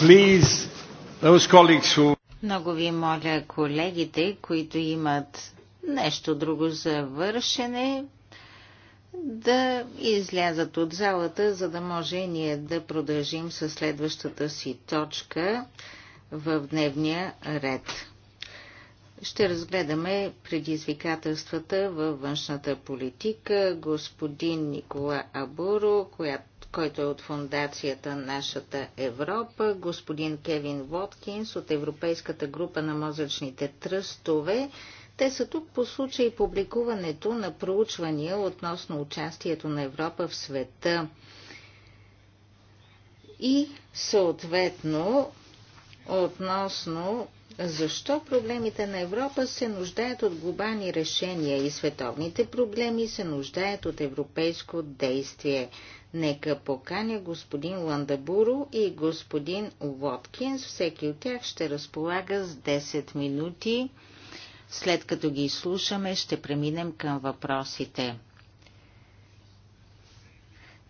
Please, those colleagues who... Много ви моля колегите, които имат нещо друго за вършене, да излязат от залата, за да може ние да продължим със следващата си точка в дневния ред. Ще разгледаме предизвикателствата във външната политика. Господин Никола Абуро, която който е от фундацията Нашата Европа, господин Кевин Воткинс от Европейската група на мозъчните тръстове. Те са тук по случай публикуването на проучвания относно участието на Европа в света. И съответно относно защо проблемите на Европа се нуждаят от глобални решения и световните проблеми се нуждаят от европейско действие? Нека поканя господин Ландабуро и господин Уоткинс. Всеки от тях ще разполага с 10 минути. След като ги изслушаме, ще преминем към въпросите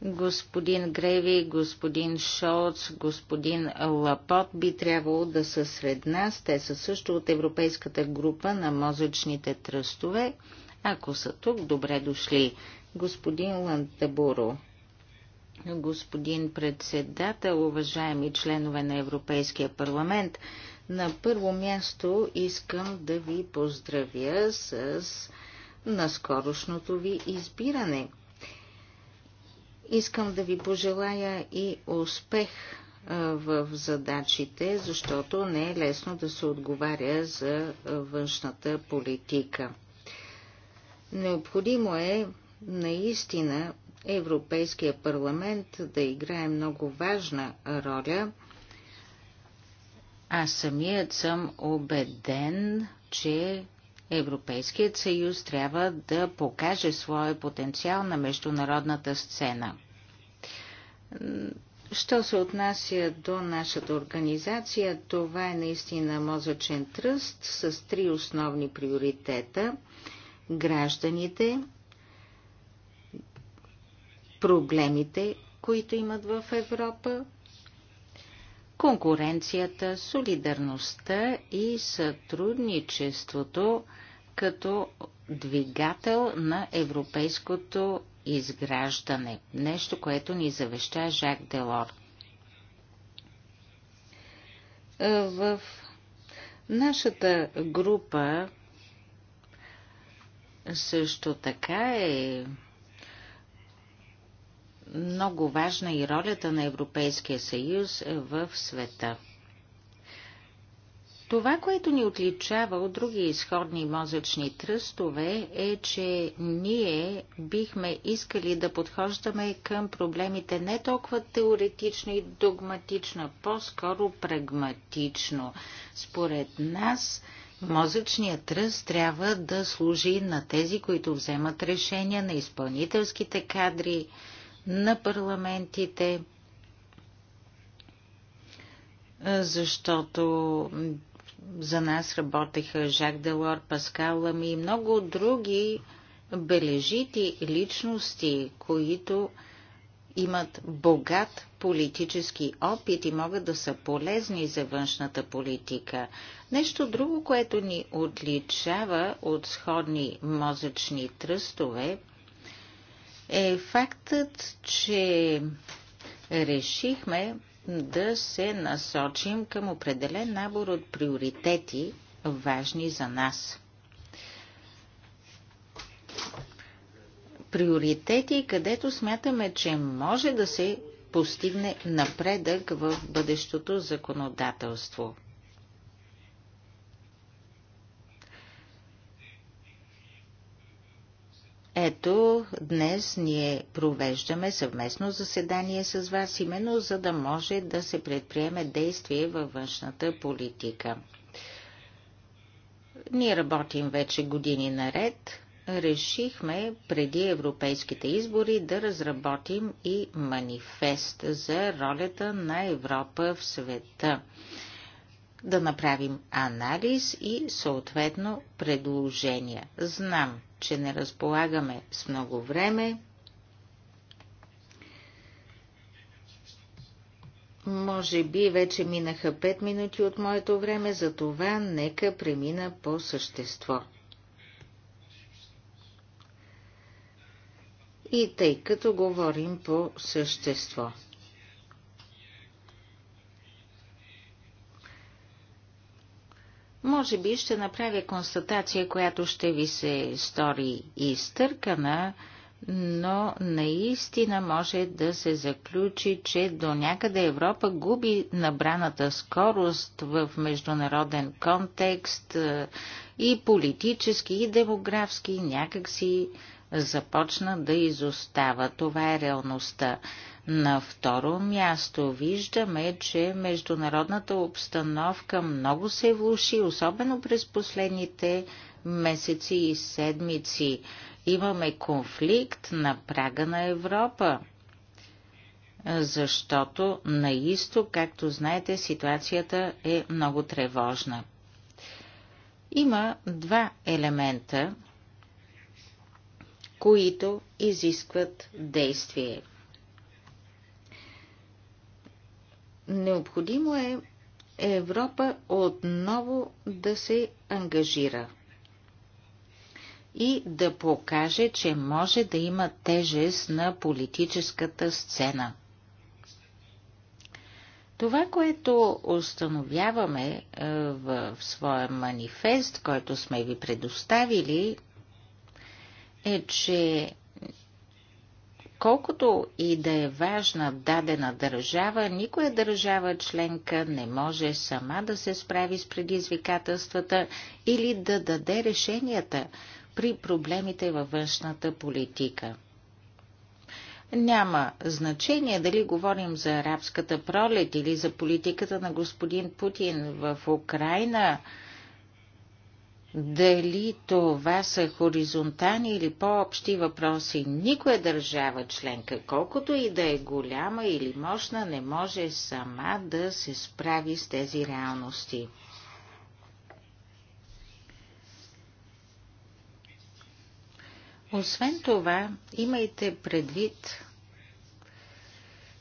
господин Греви, господин Шолц, господин Лапот би трябвало да са сред нас. Те са също от Европейската група на мозъчните тръстове. Ако са тук, добре дошли. Господин Лантабуро, господин председател, уважаеми членове на Европейския парламент, на първо място искам да ви поздравя с наскорошното ви избиране – Искам да ви пожелая и успех в задачите, защото не е лесно да се отговаря за външната политика. Необходимо е наистина Европейския парламент да играе много важна роля. Аз самият съм убеден, че Европейският съюз трябва да покаже своя потенциал на международната сцена – Що се отнася до нашата организация, това е наистина мозъчен тръст с три основни приоритета. Гражданите, проблемите, които имат в Европа, конкуренцията, солидарността и сътрудничеството като двигател на европейското изграждане. Нещо, което ни завеща Жак Делор. В нашата група също така е много важна и ролята на Европейския съюз в света. Това, което ни отличава от други изходни мозъчни тръстове е, че ние бихме искали да подхождаме към проблемите не толкова теоретично и догматично, по-скоро прагматично. Според нас, мозъчният тръст трябва да служи на тези, които вземат решения, на изпълнителските кадри, на парламентите, защото за нас работеха Жак Делор, Паскал Лами и много други бележити личности, които имат богат политически опит и могат да са полезни за външната политика. Нещо друго, което ни отличава от сходни мозъчни тръстове, е фактът, че решихме да се насочим към определен набор от приоритети, важни за нас. Приоритети, където смятаме, че може да се постигне напредък в бъдещото законодателство. Ето, днес ние провеждаме съвместно заседание с вас, именно за да може да се предприеме действие във външната политика. Ние работим вече години наред. Решихме преди европейските избори да разработим и манифест за ролята на Европа в света. Да направим анализ и съответно предложения. Знам, че не разполагаме с много време. Може би вече минаха 5 минути от моето време, за това нека премина по същество. И тъй като говорим по същество – Може би ще направя констатация, която ще ви се стори изтъркана, но наистина може да се заключи, че до някъде Европа губи набраната скорост в международен контекст е, и политически, и демографски, някакси започна да изостава. Това е реалността. На второ място виждаме, че международната обстановка много се влуши, особено през последните месеци и седмици. Имаме конфликт на прага на Европа, защото на изток, както знаете, ситуацията е много тревожна. Има два елемента, които изискват действие – Необходимо е Европа отново да се ангажира и да покаже, че може да има тежест на политическата сцена. Това, което установяваме е, в своя манифест, който сме ви предоставили, е, че Колкото и да е важна дадена държава, никоя държава членка не може сама да се справи с предизвикателствата или да даде решенията при проблемите във външната политика. Няма значение дали говорим за арабската пролет или за политиката на господин Путин в Украина – дали това са хоризонтални или по-общи въпроси, никоя държава членка, колкото и да е голяма или мощна, не може сама да се справи с тези реалности. Освен това, имайте предвид,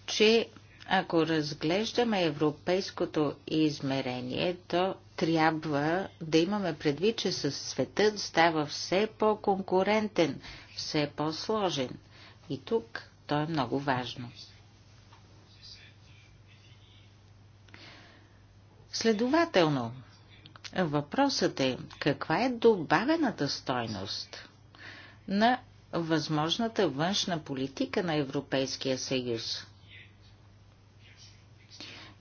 че ако разглеждаме европейското измерение, то трябва да имаме предвид, че светът става все по-конкурентен, все по-сложен. И тук то е много важно. Следователно, въпросът е каква е добавената стойност на възможната външна политика на Европейския съюз.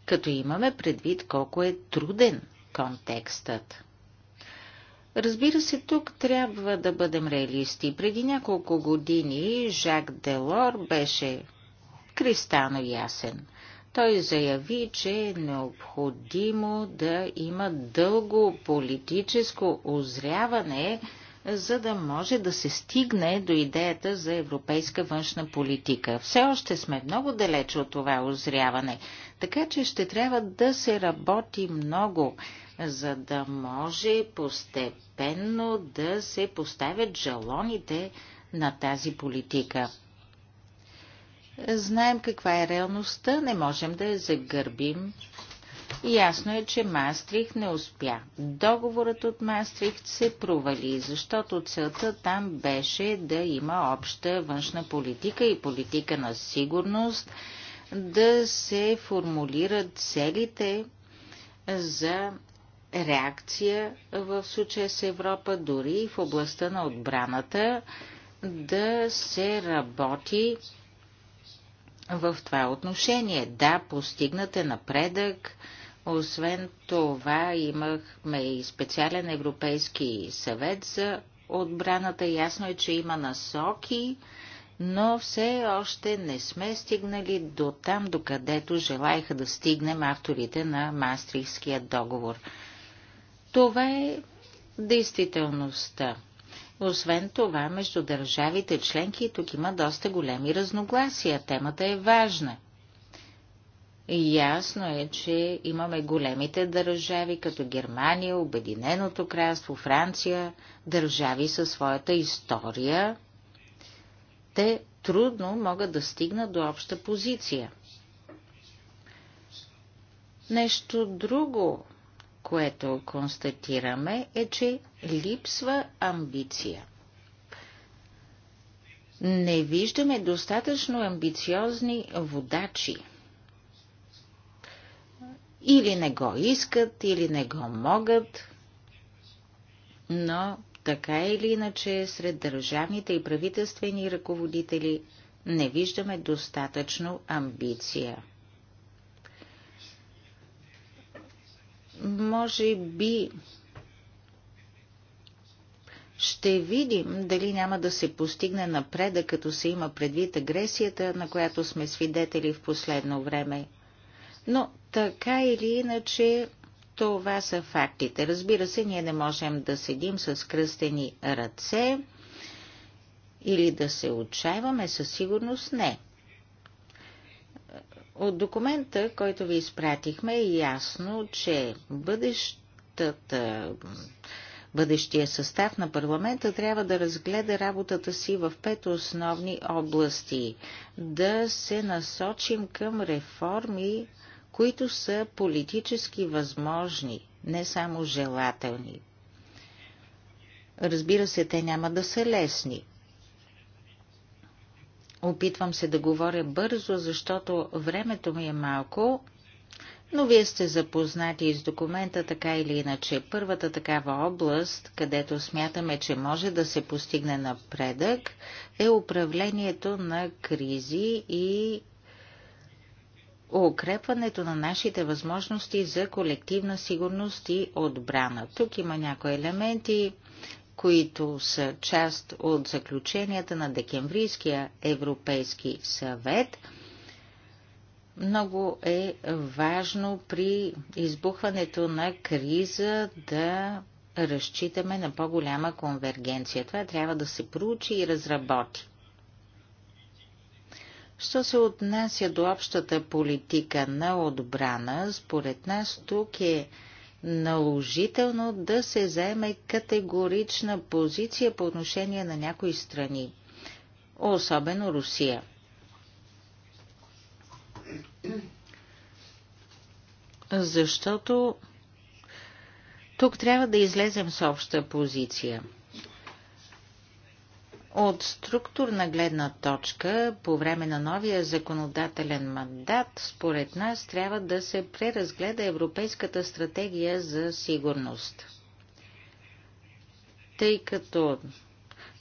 Като имаме предвид колко е труден контекстът. Разбира се, тук трябва да бъдем реалисти. Преди няколко години Жак Делор беше кристално ясен. Той заяви, че е необходимо да има дълго политическо озряване, за да може да се стигне до идеята за европейска външна политика. Все още сме много далеч от това озряване, така че ще трябва да се работи много, за да може постепенно да се поставят жалоните на тази политика. Знаем каква е реалността, не можем да я загърбим Ясно е, че Мастрих не успя. Договорът от Мастрих се провали, защото целта там беше да има обща външна политика и политика на сигурност, да се формулират целите за реакция в случая с Европа, дори и в областта на отбраната, да се работи в това отношение. Да, постигнате напредък, освен това имахме и специален европейски съвет за отбраната. Ясно е, че има насоки, но все още не сме стигнали до там, докъдето желаяха да стигнем авторите на Мастрихския договор. Това е действителността. Освен това, между държавите членки тук има доста големи разногласия. Темата е важна – Ясно е, че имаме големите държави, като Германия, Обединеното кралство, Франция, държави със своята история. Те трудно могат да стигнат до обща позиция. Нещо друго, което констатираме, е, че липсва амбиция. Не виждаме достатъчно амбициозни водачи – или не го искат, или не го могат, но така или иначе сред държавните и правителствени ръководители не виждаме достатъчно амбиция. Може би ще видим дали няма да се постигне напреда, като се има предвид агресията, на която сме свидетели в последно време. Но така или иначе, това са фактите. Разбира се, ние не можем да седим с кръстени ръце или да се отчаиваме, със сигурност не. От документа, който ви изпратихме, е ясно, че бъдещата, бъдещия състав на парламента трябва да разгледа работата си в пет основни области, да се насочим към реформи които са политически възможни, не само желателни. Разбира се, те няма да са лесни. Опитвам се да говоря бързо, защото времето ми е малко, но вие сте запознати с документа така или иначе. Първата такава област, където смятаме, че може да се постигне напредък, е управлението на кризи и укрепването на нашите възможности за колективна сигурност и отбрана. Тук има някои елементи, които са част от заключенията на Декемврийския Европейски съвет. Много е важно при избухването на криза да разчитаме на по-голяма конвергенция. Това трябва да се проучи и разработи. Що се отнася до общата политика на отбрана, според нас тук е наложително да се заеме категорична позиция по отношение на някои страни, особено Русия. Защото тук трябва да излезем с обща позиция – от структурна гледна точка, по време на новия законодателен мандат, според нас трябва да се преразгледа Европейската стратегия за сигурност. Тъй като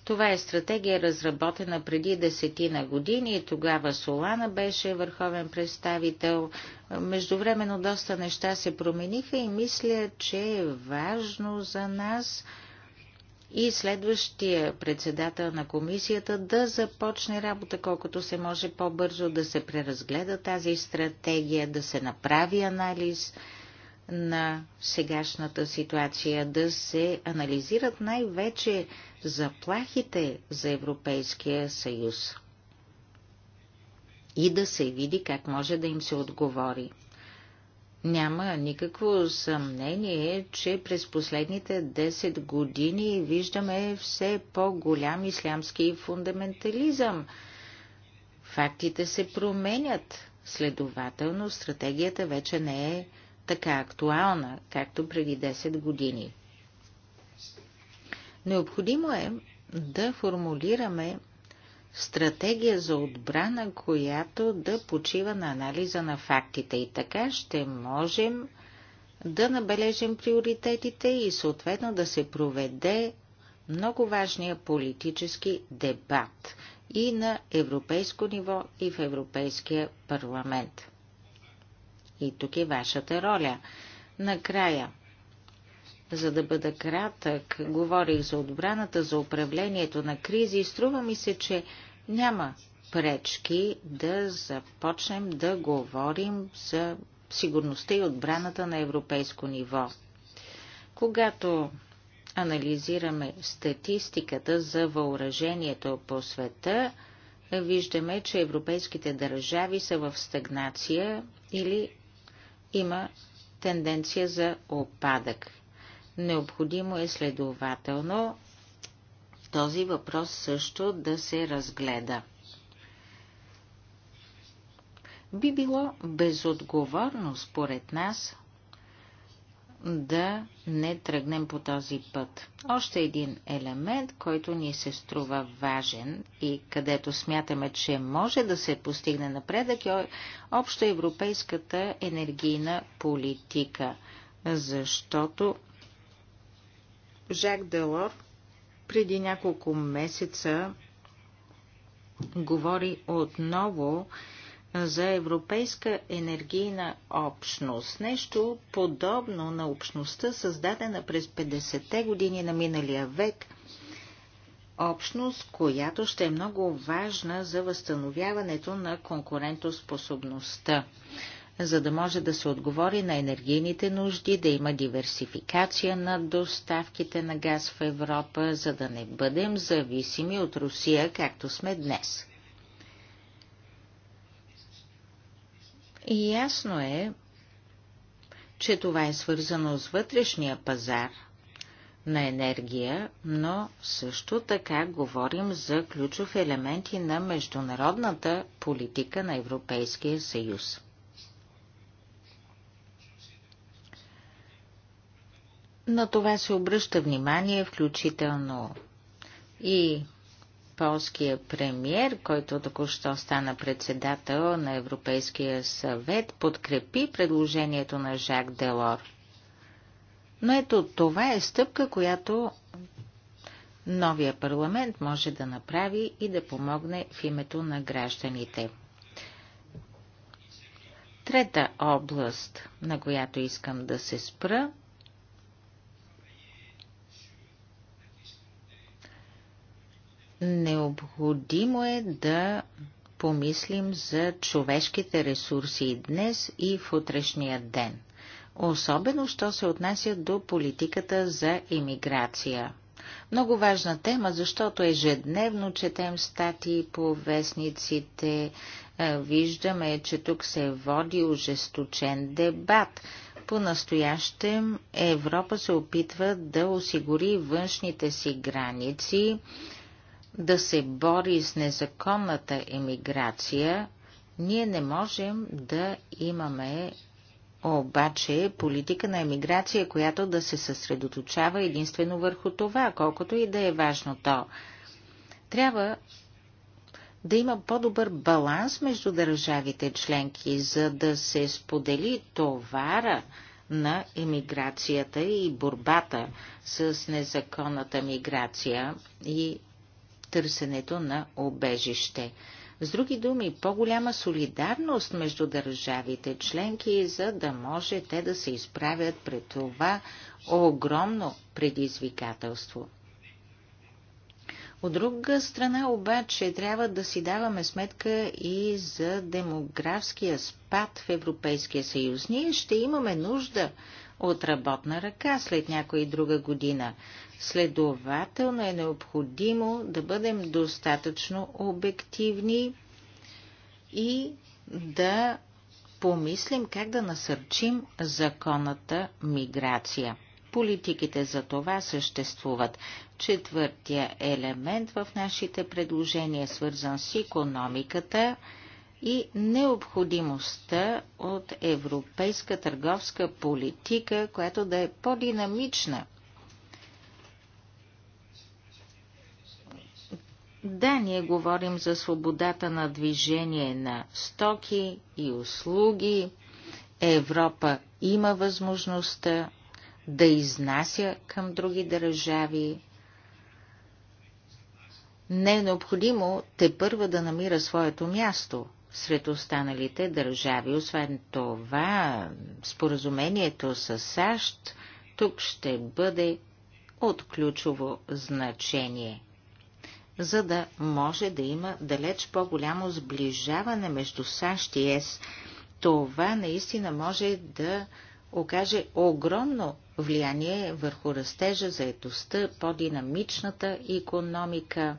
това е стратегия разработена преди десетина години и тогава Солана беше върховен представител. Междувременно доста неща се промениха и мисля, че е важно за нас – и следващия председател на комисията да започне работа колкото се може по-бързо, да се преразгледа тази стратегия, да се направи анализ на сегашната ситуация, да се анализират най-вече заплахите за Европейския съюз и да се види как може да им се отговори. Няма никакво съмнение, че през последните 10 години виждаме все по-голям ислямски фундаментализъм. Фактите се променят. Следователно, стратегията вече не е така актуална, както преди 10 години. Необходимо е да формулираме стратегия за отбрана, която да почива на анализа на фактите. И така ще можем да набележим приоритетите и съответно да се проведе много важния политически дебат и на европейско ниво и в Европейския парламент. И тук е вашата роля. Накрая, за да бъда кратък, говорих за отбраната, за управлението на кризи и струва ми се, че няма пречки да започнем да говорим за сигурността и отбраната на европейско ниво. Когато анализираме статистиката за въоръжението по света, виждаме, че европейските държави са в стагнация или има тенденция за опадък. Необходимо е следователно този въпрос също да се разгледа. Би било безотговорно, според нас, да не тръгнем по този път. Още един елемент, който ни се струва важен и където смятаме, че може да се постигне напредък е общо европейската енергийна политика, защото Жак Делор преди няколко месеца говори отново за Европейска енергийна общност. Нещо подобно на общността, създадена през 50-те години на миналия век. Общност, която ще е много важна за възстановяването на конкурентоспособността за да може да се отговори на енергийните нужди, да има диверсификация на доставките на газ в Европа, за да не бъдем зависими от Русия, както сме днес. И ясно е, че това е свързано с вътрешния пазар на енергия, но също така говорим за ключов елементи на международната политика на Европейския съюз. На това се обръща внимание, включително и полския премьер, който току-що стана председател на Европейския съвет, подкрепи предложението на Жак Делор. Но ето това е стъпка, която новия парламент може да направи и да помогне в името на гражданите. Трета област, на която искам да се спра – Необходимо е да помислим за човешките ресурси днес и в утрешния ден. Особено, що се отнася до политиката за иммиграция. Много важна тема, защото ежедневно четем статии по вестниците, е, виждаме, че тук се води ожесточен дебат. По-настоящем Европа се опитва да осигури външните си граници да се бори с незаконната емиграция, ние не можем да имаме обаче политика на емиграция, която да се съсредоточава единствено върху това, колкото и да е важно то. Трябва да има по-добър баланс между държавите членки, за да се сподели товара на емиграцията и борбата с незаконната миграция и търсенето на обежище. С други думи, по-голяма солидарност между държавите членки, за да може те да се изправят пред това огромно предизвикателство. От друга страна обаче трябва да си даваме сметка и за демографския спад в Европейския съюз. Ние ще имаме нужда от работна ръка след някоя и друга година. Следователно е необходимо да бъдем достатъчно обективни и да помислим как да насърчим законната миграция. Политиките за това съществуват. Четвъртия елемент в нашите предложения, свързан с економиката, и необходимостта от европейска търговска политика, която да е по-динамична. Да, ние говорим за свободата на движение на стоки и услуги. Европа има възможността да изнася към други държави. Не е необходимо те първа да намира своето място – сред останалите държави. Освен това, споразумението с САЩ тук ще бъде от ключово значение, за да може да има далеч по-голямо сближаване между САЩ и ЕС. Това наистина може да окаже огромно влияние върху растежа, заетостта, по-динамичната економика.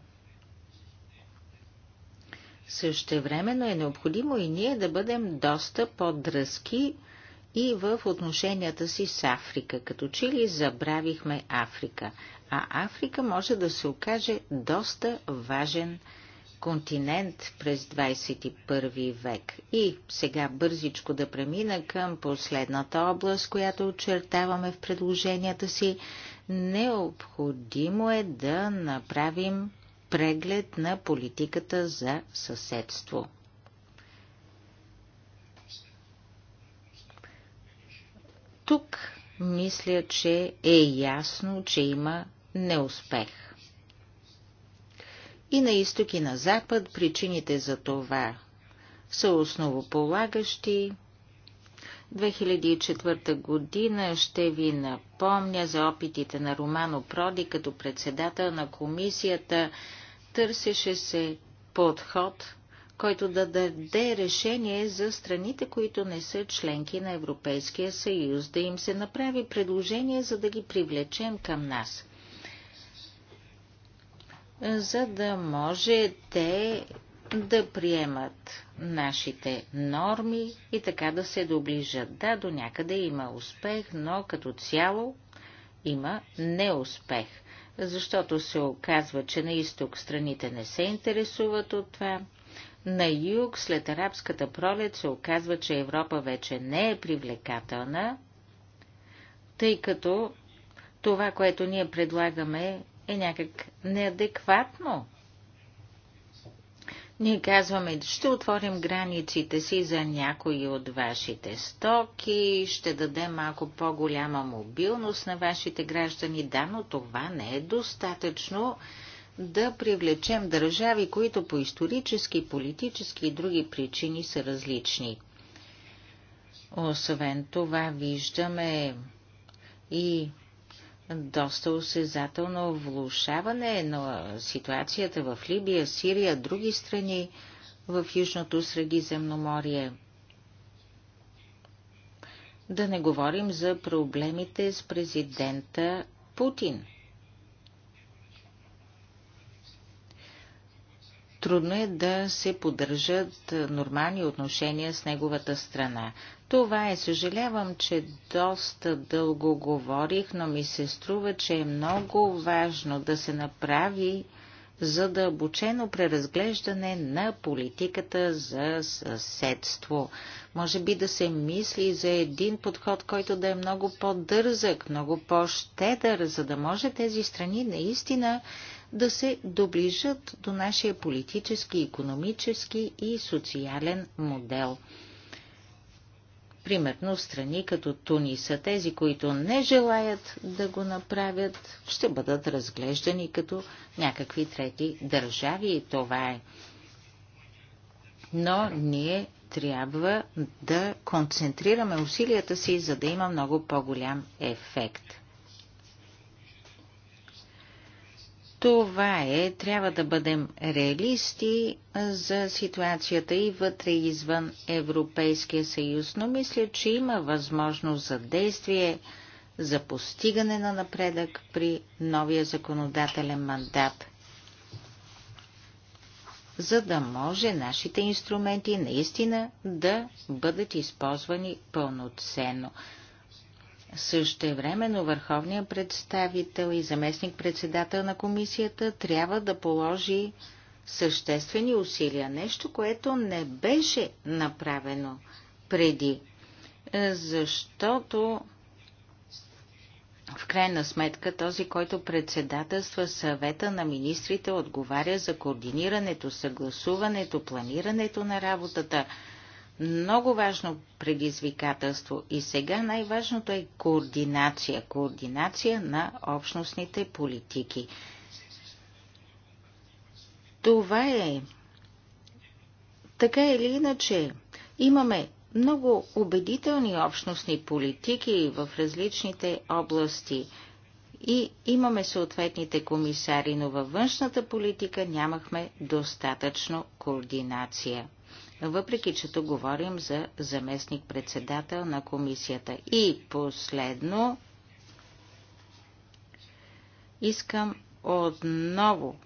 Същевременно е необходимо и ние да бъдем доста по-дръзки и в отношенията си с Африка, като че ли забравихме Африка. А Африка може да се окаже доста важен континент през 21 век. И сега бързичко да премина към последната област, която очертаваме в предложенията си. Необходимо е да направим преглед на политиката за съседство. Тук мисля, че е ясно, че има неуспех. И на изток и на запад причините за това са основополагащи, 2004 година ще ви напомня за опитите на Романо Проди като председател на комисията. Търсеше се подход, който да даде решение за страните, които не са членки на Европейския съюз, да им се направи предложение, за да ги привлечем към нас. За да може те да приемат нашите норми и така да се доближат. Да, до някъде има успех, но като цяло има неуспех, защото се оказва, че на изток страните не се интересуват от това. На юг след арабската пролет се оказва, че Европа вече не е привлекателна, тъй като това, което ние предлагаме, е някак неадекватно ние казваме, ще отворим границите си за някои от вашите стоки, ще дадем малко по-голяма мобилност на вашите граждани, да, но това не е достатъчно да привлечем държави, които по исторически, политически и други причини са различни. Освен това виждаме и доста осезателно влушаване на ситуацията в Либия, Сирия, други страни в Южното Средиземноморие. Да не говорим за проблемите с президента Путин. Трудно е да се поддържат нормални отношения с неговата страна. Това е, съжалявам, че доста дълго говорих, но ми се струва, че е много важно да се направи задълбочено преразглеждане на политиката за съседство. Може би да се мисли за един подход, който да е много по-дързък, много по-щедър, за да може тези страни наистина да се доближат до нашия политически, економически и социален модел. Примерно страни като Туниса, тези, които не желаят да го направят, ще бъдат разглеждани като някакви трети държави и това е. Но ние трябва да концентрираме усилията си, за да има много по-голям ефект. Това е, трябва да бъдем реалисти за ситуацията и вътре и извън Европейския съюз, но мисля, че има възможност за действие, за постигане на напредък при новия законодателен мандат, за да може нашите инструменти наистина да бъдат използвани пълноценно. Също времено върховният представител и заместник-председател на комисията трябва да положи съществени усилия, нещо, което не беше направено преди, защото в крайна сметка този, който председателства съвета на министрите, отговаря за координирането, съгласуването, планирането на работата – много важно предизвикателство и сега най-важното е координация. Координация на общностните политики. Това е. Така или иначе, имаме много убедителни общностни политики в различните области и имаме съответните комисари, но във външната политика нямахме достатъчно координация въпреки че тук говорим за заместник-председател на комисията. И последно, искам отново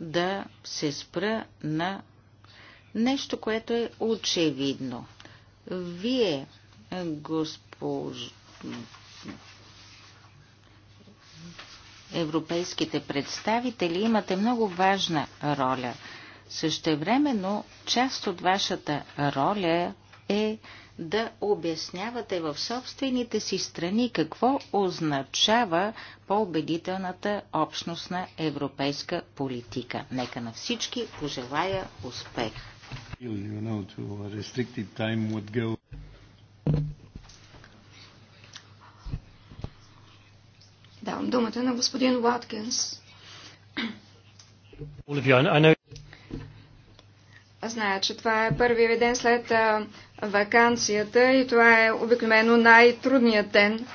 да се спра на нещо, което е очевидно. Вие, госпож... европейските представители, имате много важна роля – Същевременно, част от вашата роля е да обяснявате в собствените си страни какво означава по-убедителната общностна европейска политика. Нека на всички пожелая успех! Давам думата на господин Ваткинс. Olivia, I know Зная, че това е първият ден след вакансията и това е обикновено най-трудният ден.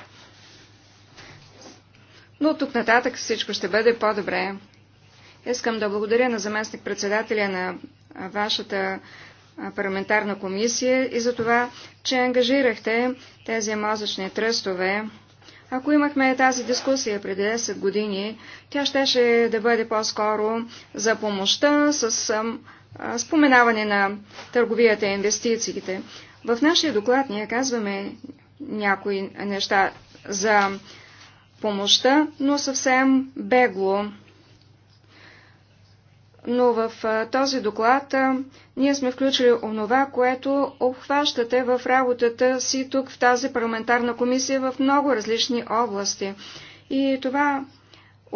Но тук нататък всичко ще бъде по-добре. Искам да благодаря на заместник-председателя на вашата парламентарна комисия и за това, че ангажирахте тези мозъчни тръстове. Ако имахме тази дискусия преди 10 години, тя щеше да бъде по-скоро за помощта с споменаване на търговията и инвестициите. В нашия доклад ние казваме някои неща за помощта, но съвсем бегло. Но в този доклад ние сме включили онова, което обхващате в работата си тук в тази парламентарна комисия в много различни области. И това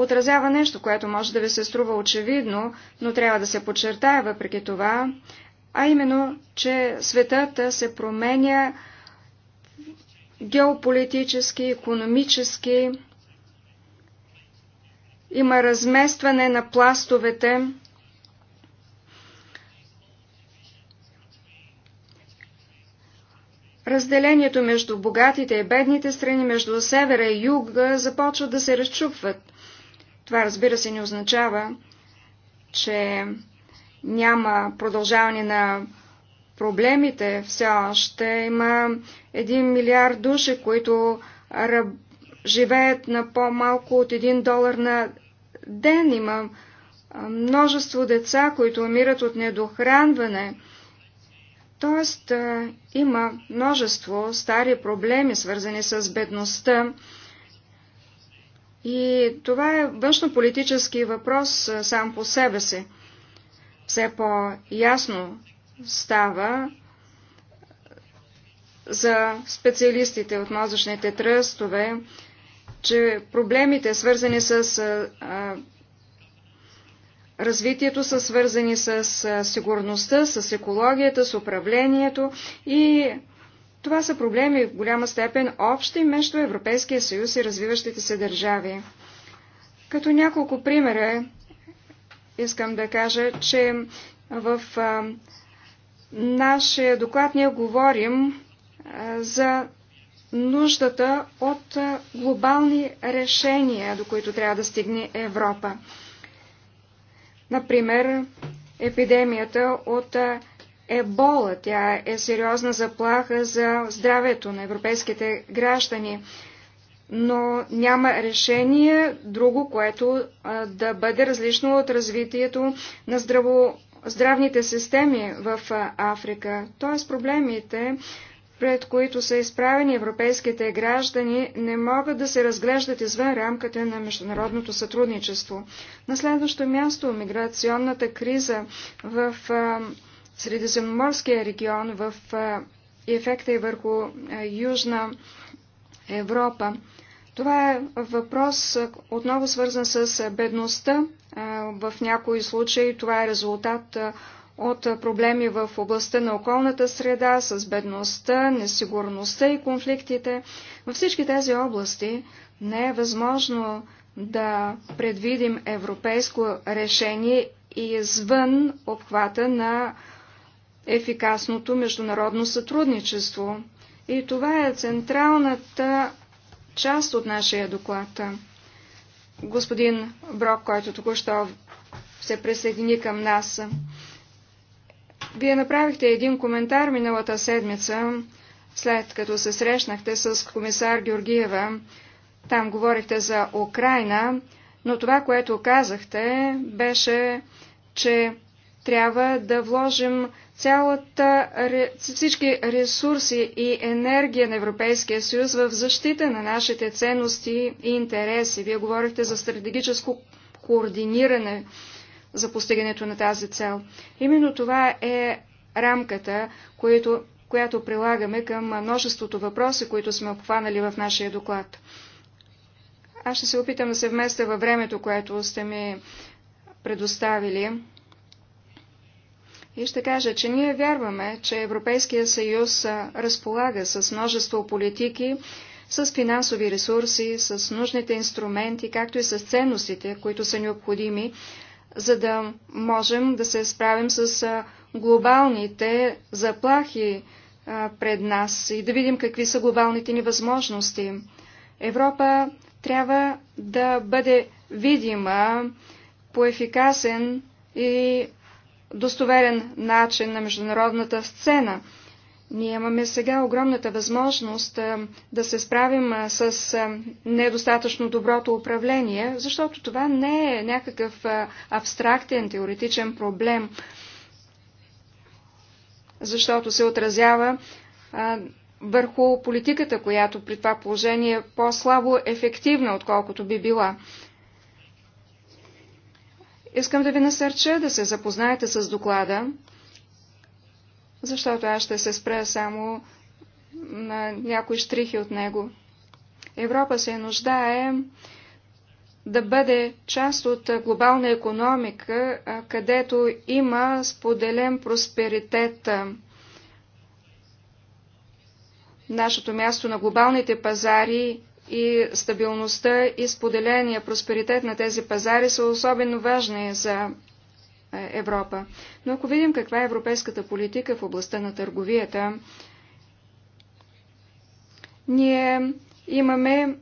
отразява нещо, което може да ви се струва очевидно, но трябва да се подчертая въпреки това, а именно, че светът се променя геополитически, економически, има разместване на пластовете, Разделението между богатите и бедните страни, между севера и юга започват да се разчупват – това разбира се не означава, че няма продължаване на проблемите. Все още има 1 милиард души, които ръб... живеят на по-малко от 1 долар на ден. Има множество деца, които умират от недохранване. Тоест има множество стари проблеми, свързани с бедността, и това е външно политически въпрос сам по себе си. Все по-ясно става за специалистите от мозъчните тръстове, че проблемите, свързани с а, развитието, са свързани с а, сигурността, с екологията, с управлението и това са проблеми в голяма степен общи между Европейския съюз и развиващите се държави. Като няколко примера искам да кажа, че в а, нашия доклад ние говорим а, за нуждата от а, глобални решения, до които трябва да стигне Европа. Например, епидемията от а, ебола. Тя е сериозна заплаха за здравето на европейските граждани. Но няма решение друго, което а, да бъде различно от развитието на здраво, здравните системи в а, Африка. Тоест проблемите, пред които са изправени европейските граждани, не могат да се разглеждат извън рамката на международното сътрудничество. На следващо място миграционната криза в а, Средиземноморския регион в ефекта и е върху Южна Европа. Това е въпрос отново свързан с бедността. В някои случаи това е резултат от проблеми в областта на околната среда, с бедността, несигурността и конфликтите. Във всички тези области не е възможно да предвидим европейско решение извън обхвата на ефикасното международно сътрудничество. И това е централната част от нашия доклад. Господин Брок, който току-що се присъедини към нас, вие направихте един коментар миналата седмица, след като се срещнахте с комисар Георгиева. Там говорихте за Украина, но това, което казахте, беше, че трябва да вложим цялата, всички ресурси и енергия на Европейския съюз в защита на нашите ценности и интереси. Вие говорихте за стратегическо координиране за постигането на тази цел. Именно това е рамката, която, която прилагаме към множеството въпроси, които сме обхванали в нашия доклад. Аз ще се опитам да се вместя във времето, което сте ми предоставили. И ще кажа, че ние вярваме, че Европейския съюз разполага с множество политики, с финансови ресурси, с нужните инструменти, както и с ценностите, които са необходими, за да можем да се справим с глобалните заплахи пред нас и да видим какви са глобалните ни възможности. Европа трябва да бъде видима по ефикасен и достоверен начин на международната сцена. Ние имаме сега огромната възможност е, да се справим е, с е, недостатъчно доброто управление, защото това не е някакъв абстрактен теоретичен проблем, защото се отразява върху политиката, която при това положение е по-слабо ефективна, отколкото би била. Искам да ви насърча да се запознаете с доклада, защото аз ще се спре само на някои штрихи от него. Европа се нуждае да бъде част от глобална економика, където има споделен просперитет. Нашето място на глобалните пазари и стабилността и споделения просперитет на тези пазари са особено важни за е, Европа. Но ако видим каква е европейската политика в областта на търговията, ние имаме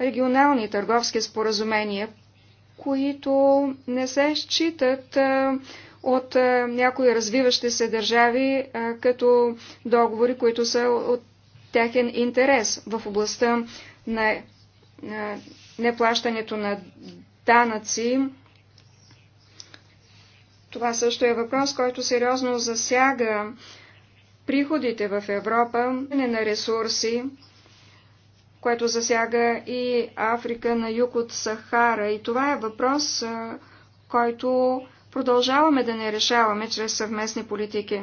регионални търговски споразумения, които не се считат е, от е, някои развиващи се държави като договори, които са от техен интерес в областта на неплащането на данъци. Това също е въпрос, който сериозно засяга приходите в Европа, не на ресурси, което засяга и Африка на юг от Сахара. И това е въпрос, който продължаваме да не решаваме чрез съвместни политики.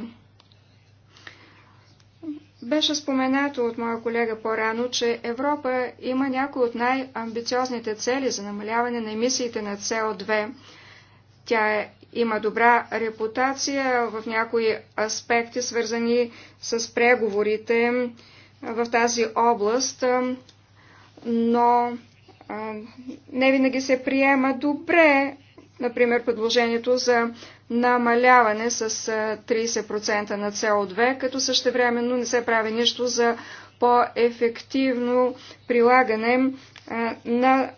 Беше споменато от моя колега по-рано, че Европа има някои от най-амбициозните цели за намаляване на емисиите на СО2. Тя е, има добра репутация в някои аспекти, свързани с преговорите в тази област, но не винаги се приема добре Например, предложението за намаляване с 30% на со 2 като същевременно не се прави нищо за по-ефективно прилагане на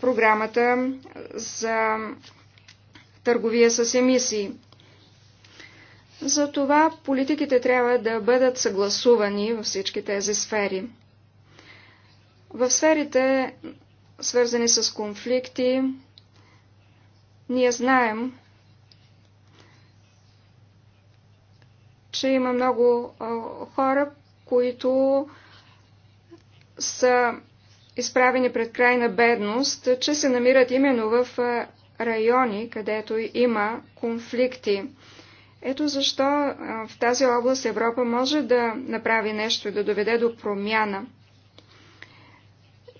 програмата за търговия с емисии. Затова политиките трябва да бъдат съгласувани във всички тези сфери. В сферите, свързани с конфликти, ние знаем, че има много хора, които са изправени пред крайна бедност, че се намират именно в райони, където има конфликти. Ето защо в тази област Европа може да направи нещо и да доведе до промяна.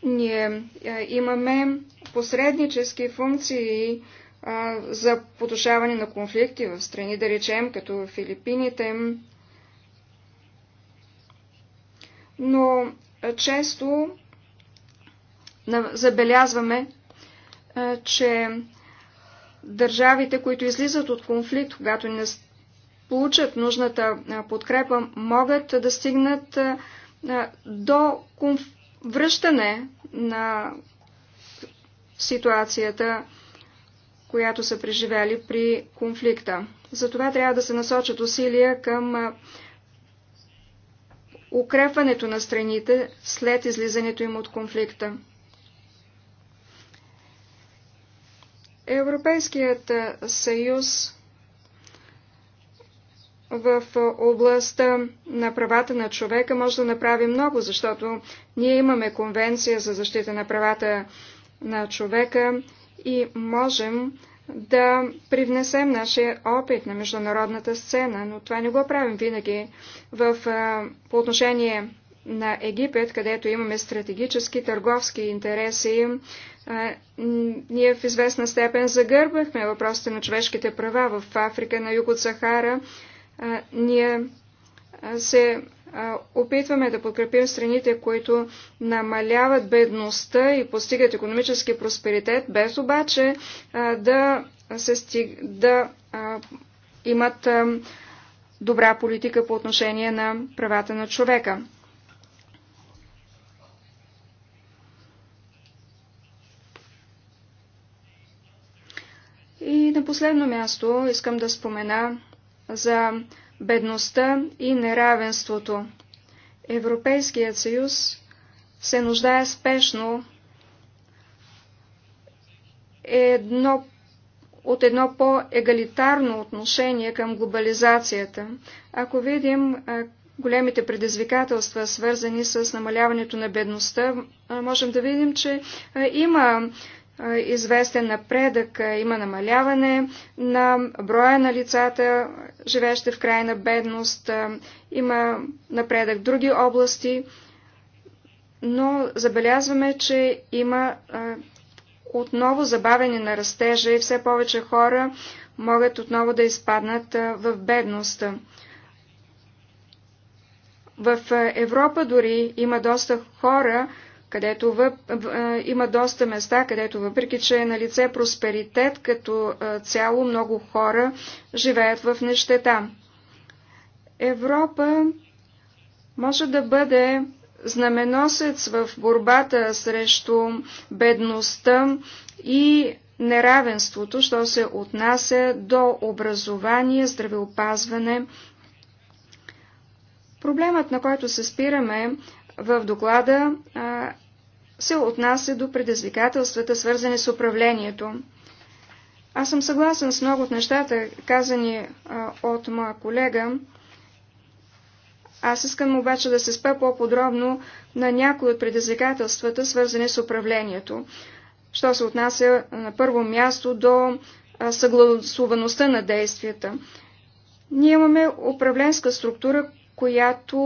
Ние имаме посреднически функции за потушаване на конфликти в страни, да речем, като Филипините. Но често забелязваме, че държавите, които излизат от конфликт, когато не получат нужната подкрепа, могат да стигнат до връщане на ситуацията която са преживели при конфликта. Затова трябва да се насочат усилия към укрепването на страните след излизането им от конфликта. Европейският съюз в областта на правата на човека може да направи много, защото ние имаме конвенция за защита на правата на човека, и можем да привнесем нашия опит на международната сцена, но това не го правим винаги. В, по отношение на Египет, където имаме стратегически търговски интереси, ние в известна степен загърбахме въпросите на човешките права в Африка, на юг от Сахара. Ние се опитваме да подкрепим страните, които намаляват бедността и постигат економически просперитет, без обаче да, се стиг... да имат добра политика по отношение на правата на човека. И на последно място искам да спомена за бедността и неравенството. Европейският съюз се нуждае спешно едно, от едно по-егалитарно отношение към глобализацията. Ако видим големите предизвикателства, свързани с намаляването на бедността, можем да видим, че има известен напредък, има намаляване на броя на лицата, живеещи в крайна бедност, има напредък в други области, но забелязваме, че има отново забавени на растежа и все повече хора могат отново да изпаднат в бедност. В Европа дори има доста хора, където въп, има доста места, където въпреки, че е на лице просперитет, като цяло много хора живеят в нещета. Европа може да бъде знаменосец в борбата срещу бедността и неравенството, що се отнася до образование, здравеопазване. Проблемът, на който се спираме в доклада, се отнася до предизвикателствата, свързани с управлението. Аз съм съгласен с много от нещата, казани а, от моя колега. Аз искам обаче да се спа по-подробно на някои от предизвикателствата, свързани с управлението. Що се отнася на първо място до съгласуваността на действията. Ние имаме управленска структура, която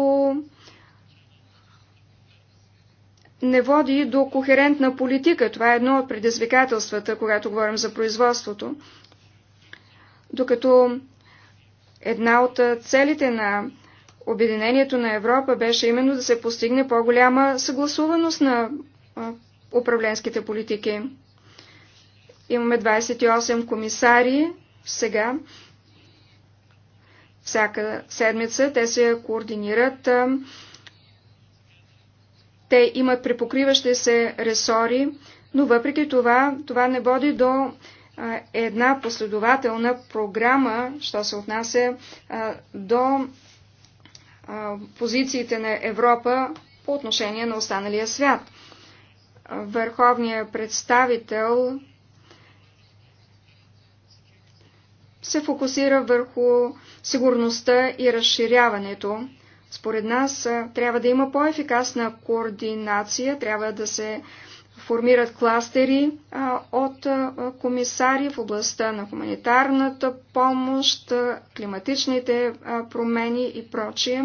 не води до кохерентна политика. Това е едно от предизвикателствата, когато говорим за производството. Докато една от целите на Обединението на Европа беше именно да се постигне по-голяма съгласуваност на управленските политики. Имаме 28 комисари сега. Всяка седмица те се координират те имат препокриващи се ресори, но въпреки това, това не води до една последователна програма, що се отнася до позициите на Европа по отношение на останалия свят. Върховният представител се фокусира върху сигурността и разширяването. Според нас трябва да има по-ефикасна координация, трябва да се формират кластери от комисари в областта на хуманитарната помощ, климатичните промени и прочие,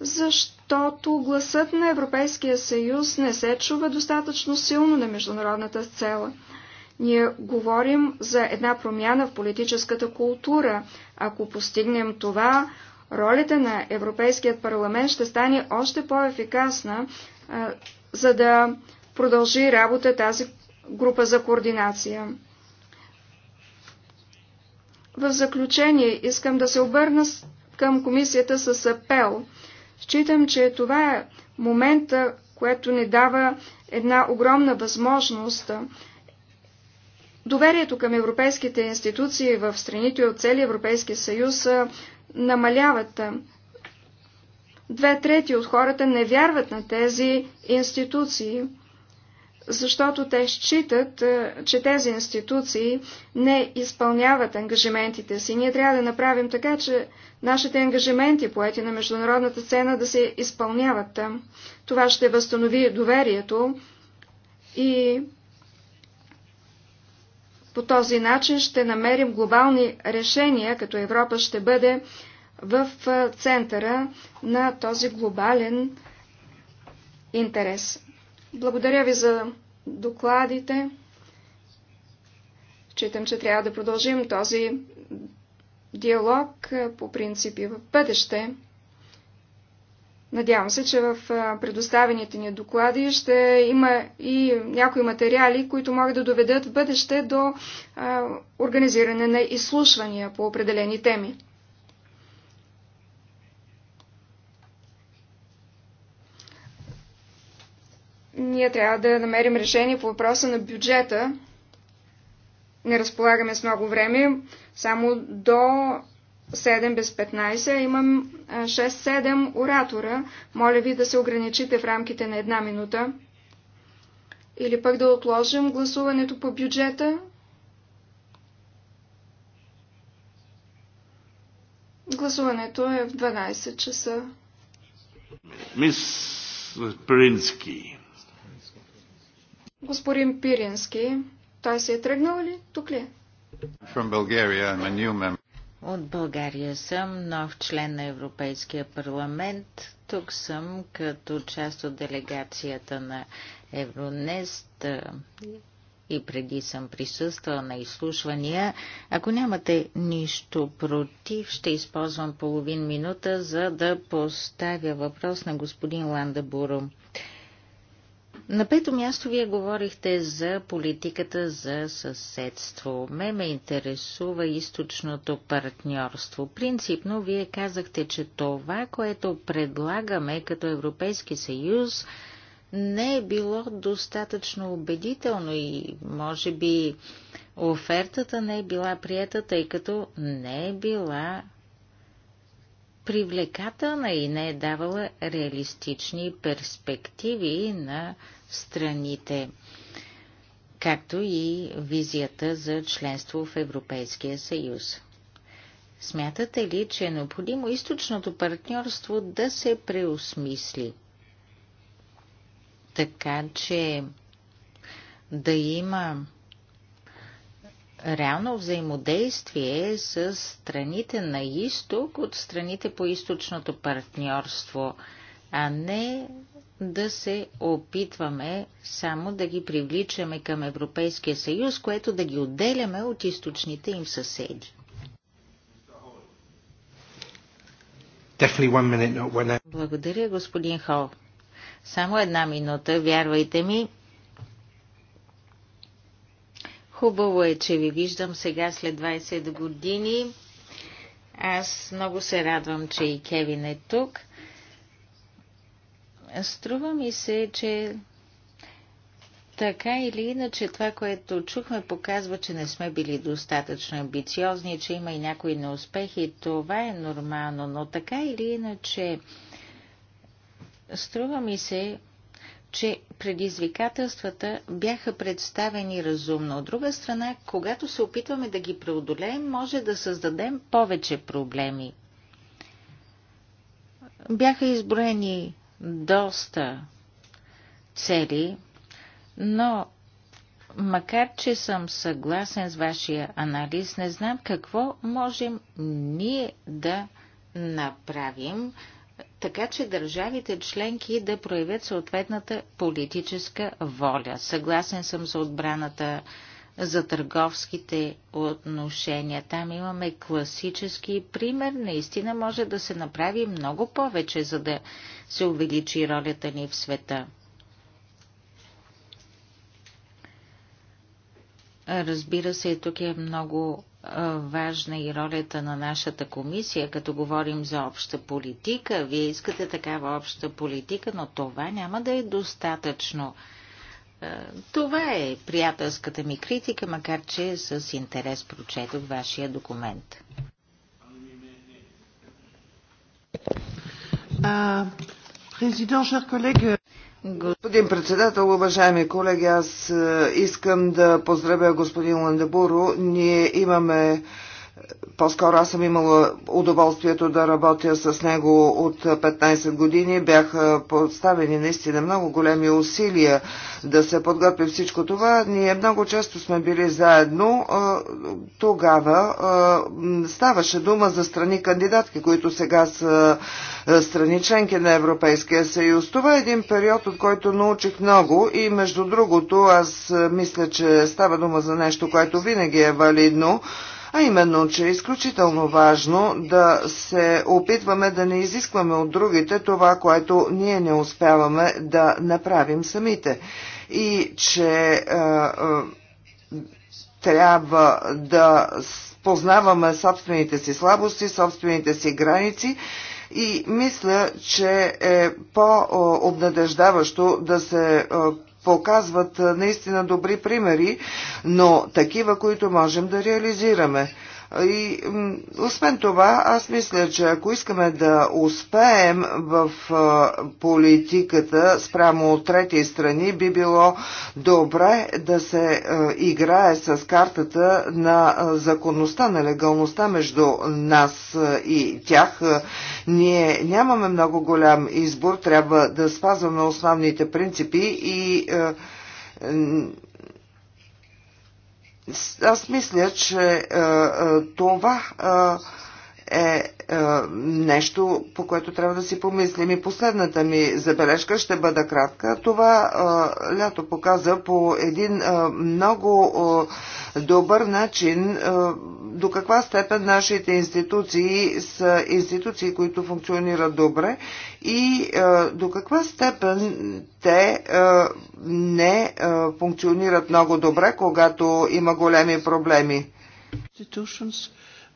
защото гласът на Европейския съюз не се чува достатъчно силно на международната цела. Ние говорим за една промяна в политическата култура. Ако постигнем това, ролята на Европейският парламент ще стане още по-ефикасна, за да продължи работа тази група за координация. В заключение искам да се обърна към комисията с апел. Считам, че това е момента, което ни дава една огромна възможност. Доверието към европейските институции в страните от целия Европейски съюз намаляват. Две трети от хората не вярват на тези институции, защото те считат, е, че тези институции не изпълняват ангажиментите си. Ние трябва да направим така, че нашите ангажименти, поети на международната цена, да се изпълняват. Това ще възстанови доверието и по този начин ще намерим глобални решения, като Европа ще бъде в центъра на този глобален интерес. Благодаря ви за докладите. Читам, че трябва да продължим този диалог по принципи в бъдеще. Надявам се, че в предоставените ни доклади ще има и някои материали, които могат да доведат в бъдеще до организиране на изслушвания по определени теми. Ние трябва да намерим решение по въпроса на бюджета. Не разполагаме с много време, само до 7 без 15, имам 6-7 оратора. Моля ви да се ограничите в рамките на една минута. Или пък да отложим гласуването по бюджета. Гласуването е в 12 часа. Мис Пирински. Господин Пирински, той се е тръгнал ли? Тук ли е? From Bulgaria, I'm a new member. От България съм нов член на Европейския парламент. Тук съм като част от делегацията на Евронест и преди съм присъствал на изслушвания. Ако нямате нищо против, ще използвам половин минута, за да поставя въпрос на господин Ланда Бурум. На пето място вие говорихте за политиката за съседство. Ме ме интересува източното партньорство. Принципно вие казахте, че това, което предлагаме като Европейски съюз, не е било достатъчно убедително и може би офертата не е била приета, тъй като не е била привлекателна и не е давала реалистични перспективи на страните, както и визията за членство в Европейския съюз. Смятате ли, че е необходимо източното партньорство да се преосмисли? Така че да има реално взаимодействие с страните на изток от страните по източното партньорство, а не да се опитваме само да ги привличаме към Европейския съюз, което да ги отделяме от източните им съседи. Благодаря, господин Хол. Само една минута, вярвайте ми, Хубаво е, че ви виждам сега след 20 години. Аз много се радвам, че и Кевин е тук. Струва ми се, че така или иначе това, което чухме, показва, че не сме били достатъчно амбициозни, че има и някои неуспехи. Това е нормално, но така или иначе струва ми се, че предизвикателствата бяха представени разумно. От друга страна, когато се опитваме да ги преодолеем, може да създадем повече проблеми. Бяха изброени доста цели, но макар че съм съгласен с вашия анализ, не знам какво можем ние да направим, така че държавите членки да проявят съответната политическа воля. Съгласен съм за отбраната за търговските отношения. Там имаме класически пример. Наистина може да се направи много повече, за да се увеличи ролята ни в света. Разбира се, тук е много важна и ролята на нашата комисия, като говорим за обща политика. Вие искате такава обща политика, но това няма да е достатъчно. Това е приятелската ми критика, макар че е с интерес прочетох вашия документ. Президент, колега, Господин председател, уважаеми колеги, аз е, искам да поздравя господин Ландебуро. Ние имаме по-скоро аз съм имала удоволствието да работя с него от 15 години. Бяха подставени наистина много големи усилия да се подготви всичко това. Ние много често сме били заедно. Тогава ставаше дума за страни кандидатки, които сега са страни членки на Европейския съюз. Това е един период, от който научих много и между другото аз мисля, че става дума за нещо, което винаги е валидно а именно, че е изключително важно да се опитваме да не изискваме от другите това, което ние не успяваме да направим самите. И че е, е, трябва да познаваме собствените си слабости, собствените си граници и мисля, че е по-обнадеждаващо да се показват наистина добри примери, но такива, които можем да реализираме. И освен това, аз мисля, че ако искаме да успеем в политиката спрямо от трети страни, би било добре да се играе с картата на законността, на легалността между нас и тях. Ние нямаме много голям избор, трябва да спазваме основните принципи и аз мисля, че е, е, това е, е, е нещо, по което трябва да си помислим. И последната ми забележка ще бъда кратка. Това е, лято показа по един е, много е, добър начин е, до каква степен нашите институции са институции, които функционират добре и е, до каква степен те е, не е, функционират много добре, когато има големи проблеми. Institutions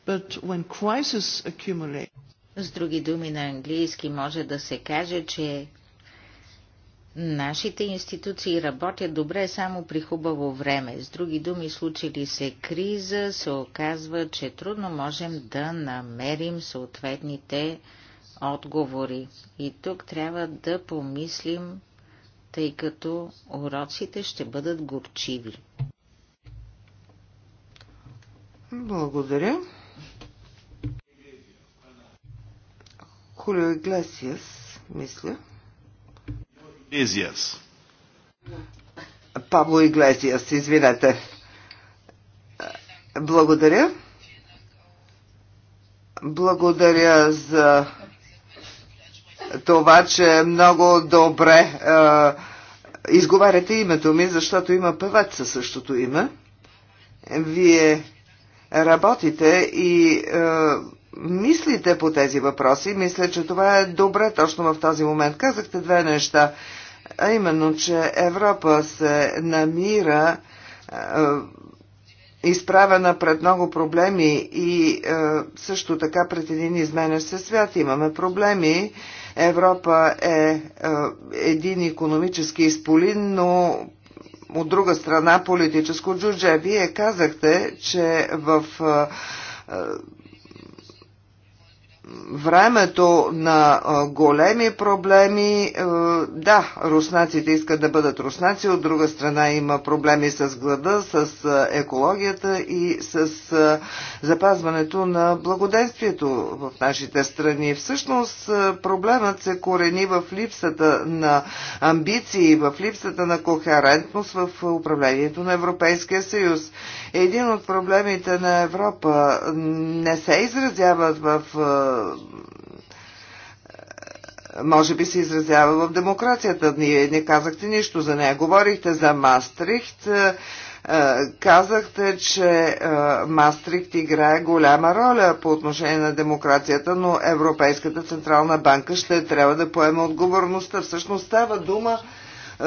But when crisis accumulate... С други думи на английски може да се каже, че нашите институции работят добре само при хубаво време. С други думи, случили се криза, се оказва, че трудно можем да намерим съответните отговори. И тук трябва да помислим, тъй като уроците ще бъдат горчиви. Благодаря. Хулио Иглесиас, мисля. Иглесиас. Пабло Иглесиас, извинете. Благодаря. Благодаря за това, че много добре е, изговаряте името ми, защото има певец със същото име. Вие работите и е, мислите по тези въпроси. Мисля, че това е добре точно в този момент. Казахте две неща, а именно, че Европа се намира е, изправена пред много проблеми и е, също така пред един изменящ се свят имаме проблеми. Европа е, е един економически изполин, но от друга страна политическо джудже. Вие казахте, че в е, времето на големи проблеми, да, руснаците искат да бъдат руснаци, от друга страна има проблеми с глада, с екологията и с запазването на благоденствието в нашите страни. Всъщност проблемът се корени в липсата на амбиции, в липсата на кохерентност в управлението на Европейския съюз. Един от проблемите на Европа не се изразяват в може би се изразява в демокрацията. Ние не казахте нищо за нея. Говорихте за Мастрихт. Е, е, казахте, че е, Мастрихт играе голяма роля по отношение на демокрацията, но Европейската Централна банка ще трябва да поеме отговорността. Всъщност става дума е,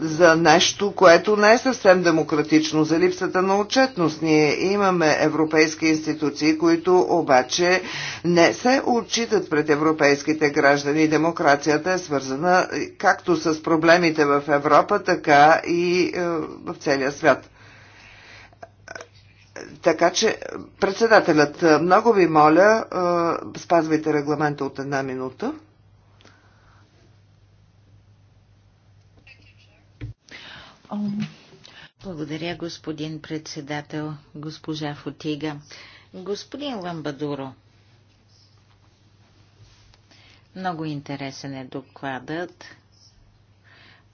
за нещо, което не е съвсем демократично, за липсата на отчетност. Ние имаме европейски институции, които обаче не се отчитат пред европейските граждани. Демокрацията е свързана както с проблемите в Европа, така и е, в целия свят. Така че, председателят, много ви моля, е, спазвайте регламента от една минута. Благодаря, господин председател, госпожа Фотига. Господин Ламбадуро, много интересен е докладът.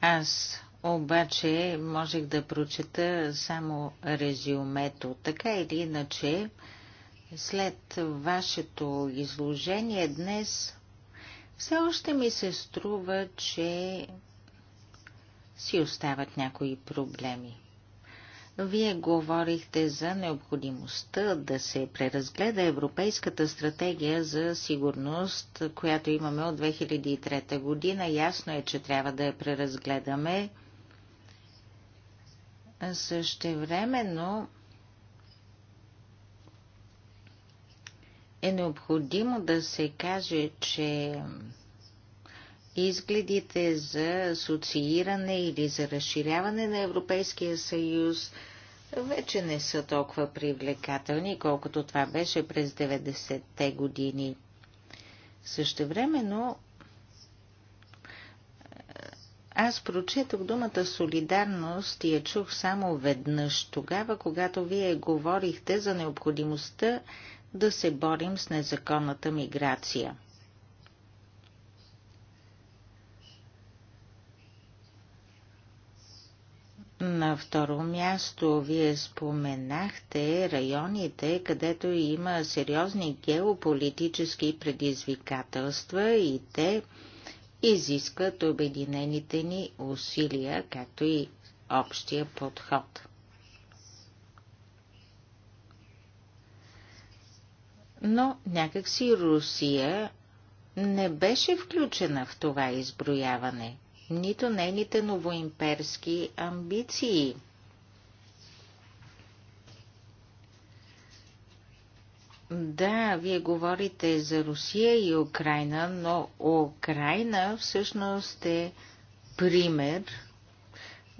Аз обаче можех да прочета само резюмето. Така или иначе, след вашето изложение днес, все още ми се струва, че си остават някои проблеми. Вие говорихте за необходимостта да се преразгледа Европейската стратегия за сигурност, която имаме от 2003 година. Ясно е, че трябва да я преразгледаме. Същевременно е необходимо да се каже, че изгледите за асоцииране или за разширяване на Европейския съюз вече не са толкова привлекателни, колкото това беше през 90-те години. Същевременно аз прочетох думата солидарност и я чух само веднъж тогава, когато вие говорихте за необходимостта да се борим с незаконната миграция – На второ място, вие споменахте районите, където има сериозни геополитически предизвикателства и те изискват обединените ни усилия, както и общия подход. Но някакси Русия не беше включена в това изброяване – нито нейните новоимперски амбиции. Да, вие говорите за Русия и Украина, но Украина всъщност е пример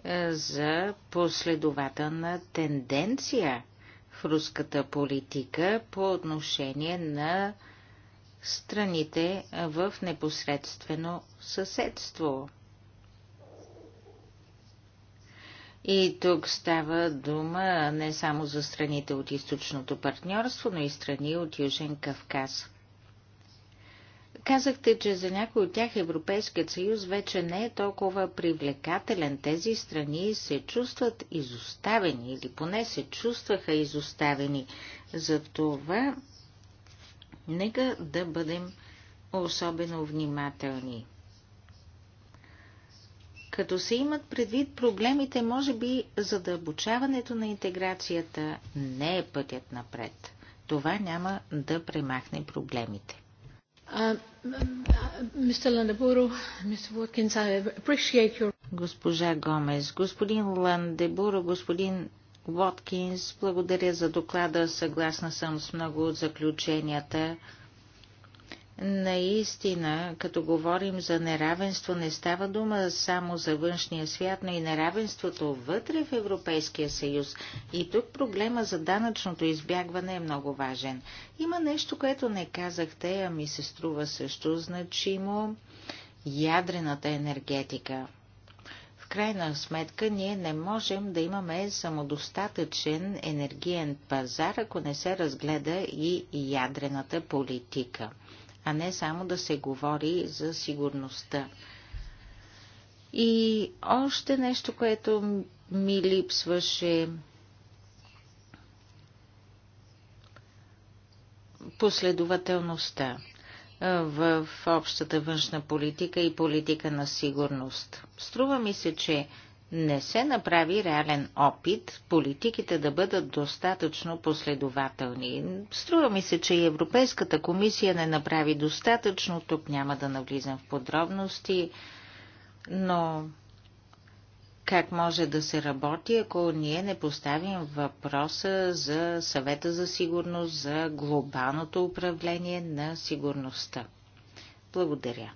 е, за последователна тенденция в руската политика по отношение на страните в непосредствено съседство. И тук става дума не само за страните от източното партньорство, но и страни от Южен Кавказ. Казахте, че за някои от тях Европейският съюз вече не е толкова привлекателен. Тези страни се чувстват изоставени или поне се чувстваха изоставени. Затова нека да бъдем особено внимателни – като се имат предвид проблемите, може би задълбочаването на интеграцията не е пътят напред. Това няма да премахне проблемите. Госпожа Гомес, господин Ландебуро, господин Воткинс, благодаря за доклада. Съгласна съм с много от заключенията. Наистина, като говорим за неравенство, не става дума само за външния свят, но и неравенството вътре в Европейския съюз. И тук проблема за данъчното избягване е много важен. Има нещо, което не казахте, а ми се струва също значимо – ядрената енергетика. В крайна сметка, ние не можем да имаме самодостатъчен енергиен пазар, ако не се разгледа и ядрената политика а не само да се говори за сигурността. И още нещо, което ми липсваше последователността в общата външна политика и политика на сигурност. Струва ми се, че не се направи реален опит политиките да бъдат достатъчно последователни. Струва ми се, че и Европейската комисия не направи достатъчно, тук няма да навлизам в подробности, но как може да се работи, ако ние не поставим въпроса за съвета за сигурност, за глобалното управление на сигурността? Благодаря.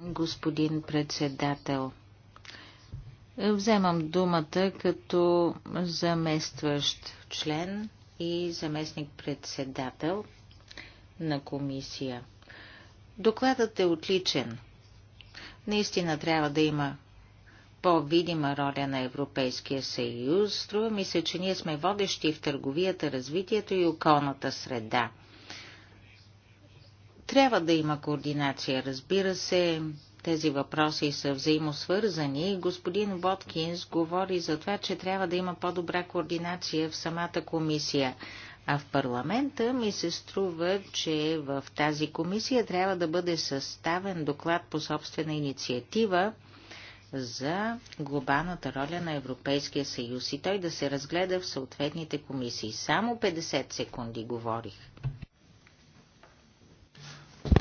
Господин председател, вземам думата като заместващ член и заместник-председател на комисия. Докладът е отличен. Наистина трябва да има по-видима роля на Европейския съюз. Струва ми се, че ние сме водещи в търговията, развитието и околната среда. Трябва да има координация, разбира се. Тези въпроси са взаимосвързани и господин Боткинс говори за това, че трябва да има по-добра координация в самата комисия. А в парламента ми се струва, че в тази комисия трябва да бъде съставен доклад по собствена инициатива за глобалната роля на Европейския съюз и той да се разгледа в съответните комисии. Само 50 секунди говорих.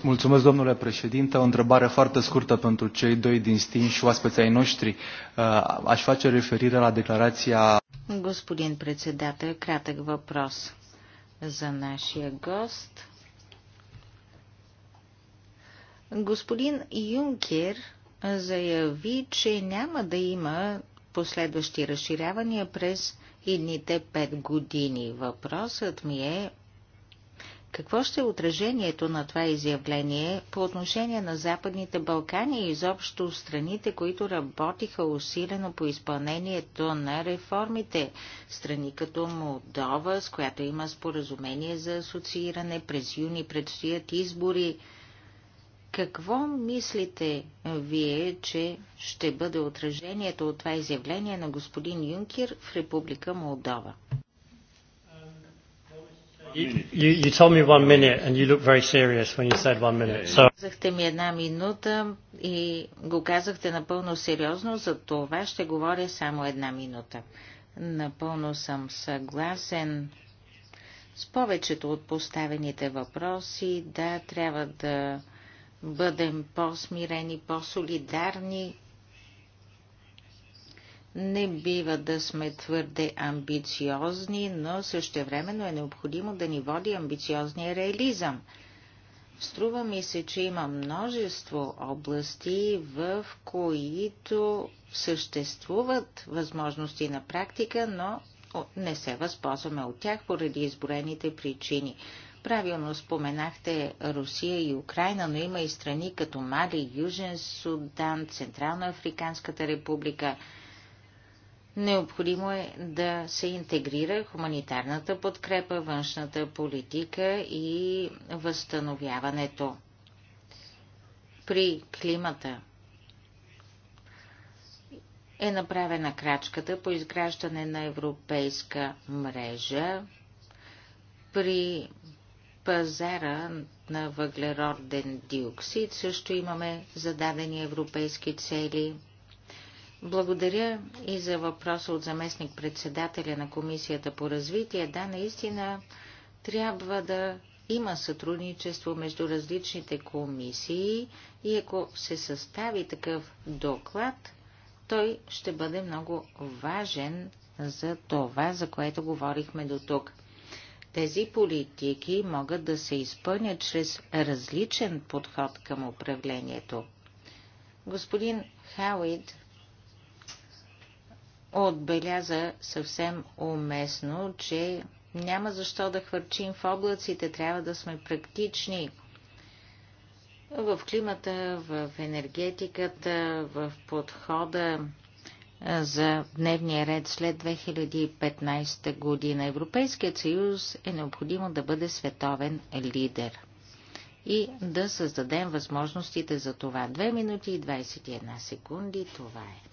Mulțumesc, domnule președinte. O întrebare foarte scurtă pentru cei doi și oaspeții ai noștri. Uh, aș face referire la declarația... Господин председател, кратък въпрос за нашия гост. Господин Юнкер заяви, че няма да има последващи разширявания през едните пет години. Въпросът ми е какво ще е отражението на това изявление по отношение на Западните Балкани и изобщо страните, които работиха усилено по изпълнението на реформите? Страни като Молдова, с която има споразумение за асоцииране, през юни предстоят избори. Какво мислите вие, че ще бъде отражението от това изявление на господин Юнкер в Република Молдова? You, you told me one minute and you looked very serious when you said one minute. So... Казахте ми една минута и го казахте напълно сериозно, за това ще говоря само една минута. Напълно съм съгласен с повечето от поставените въпроси. Да, трябва да бъдем по-смирени, по-солидарни не бива да сме твърде амбициозни, но същевременно е необходимо да ни води амбициозния реализъм. Струва ми се, че има множество области, в които съществуват възможности на практика, но не се възползваме от тях поради изборените причини. Правилно споменахте Русия и Украина, но има и страни като Мали, Южен Судан, Централно Африканската република – Необходимо е да се интегрира хуманитарната подкрепа, външната политика и възстановяването. При климата е направена крачката по изграждане на европейска мрежа. При пазара на въглероден диоксид също имаме зададени европейски цели – благодаря и за въпроса от заместник председателя на Комисията по развитие. Да, наистина трябва да има сътрудничество между различните комисии и ако се състави такъв доклад, той ще бъде много важен за това, за което говорихме до тук. Тези политики могат да се изпълнят чрез различен подход към управлението. Господин Хауид отбеляза съвсем уместно, че няма защо да хвърчим в облаците, трябва да сме практични в климата, в енергетиката, в подхода за дневния ред след 2015 година. Европейският съюз е необходимо да бъде световен лидер и да създадем възможностите за това. 2 минути и 21 секунди, това е.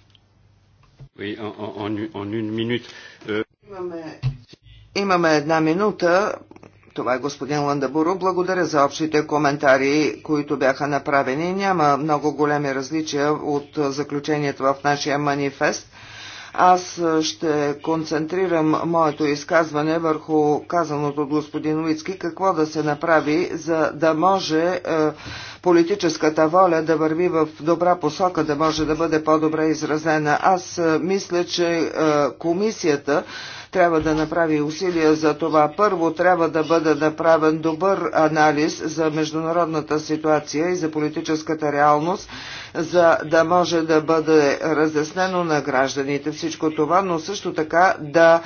Oui, en, en, en une minute. Euh, имаме, имаме една минута. Това е господин Ландабуро. Благодаря за общите коментари, които бяха направени. Няма много големи различия от заключението в нашия манифест. Аз ще концентрирам моето изказване върху казаното от господин Уицки, какво да се направи, за да може е, политическата воля да върви в добра посока, да може да бъде по-добре изразена. Аз е, мисля, че е, комисията трябва да направи усилия за това. Първо трябва да бъде направен добър анализ за международната ситуация и за политическата реалност, за да може да бъде разяснено на гражданите всичко това, но също така да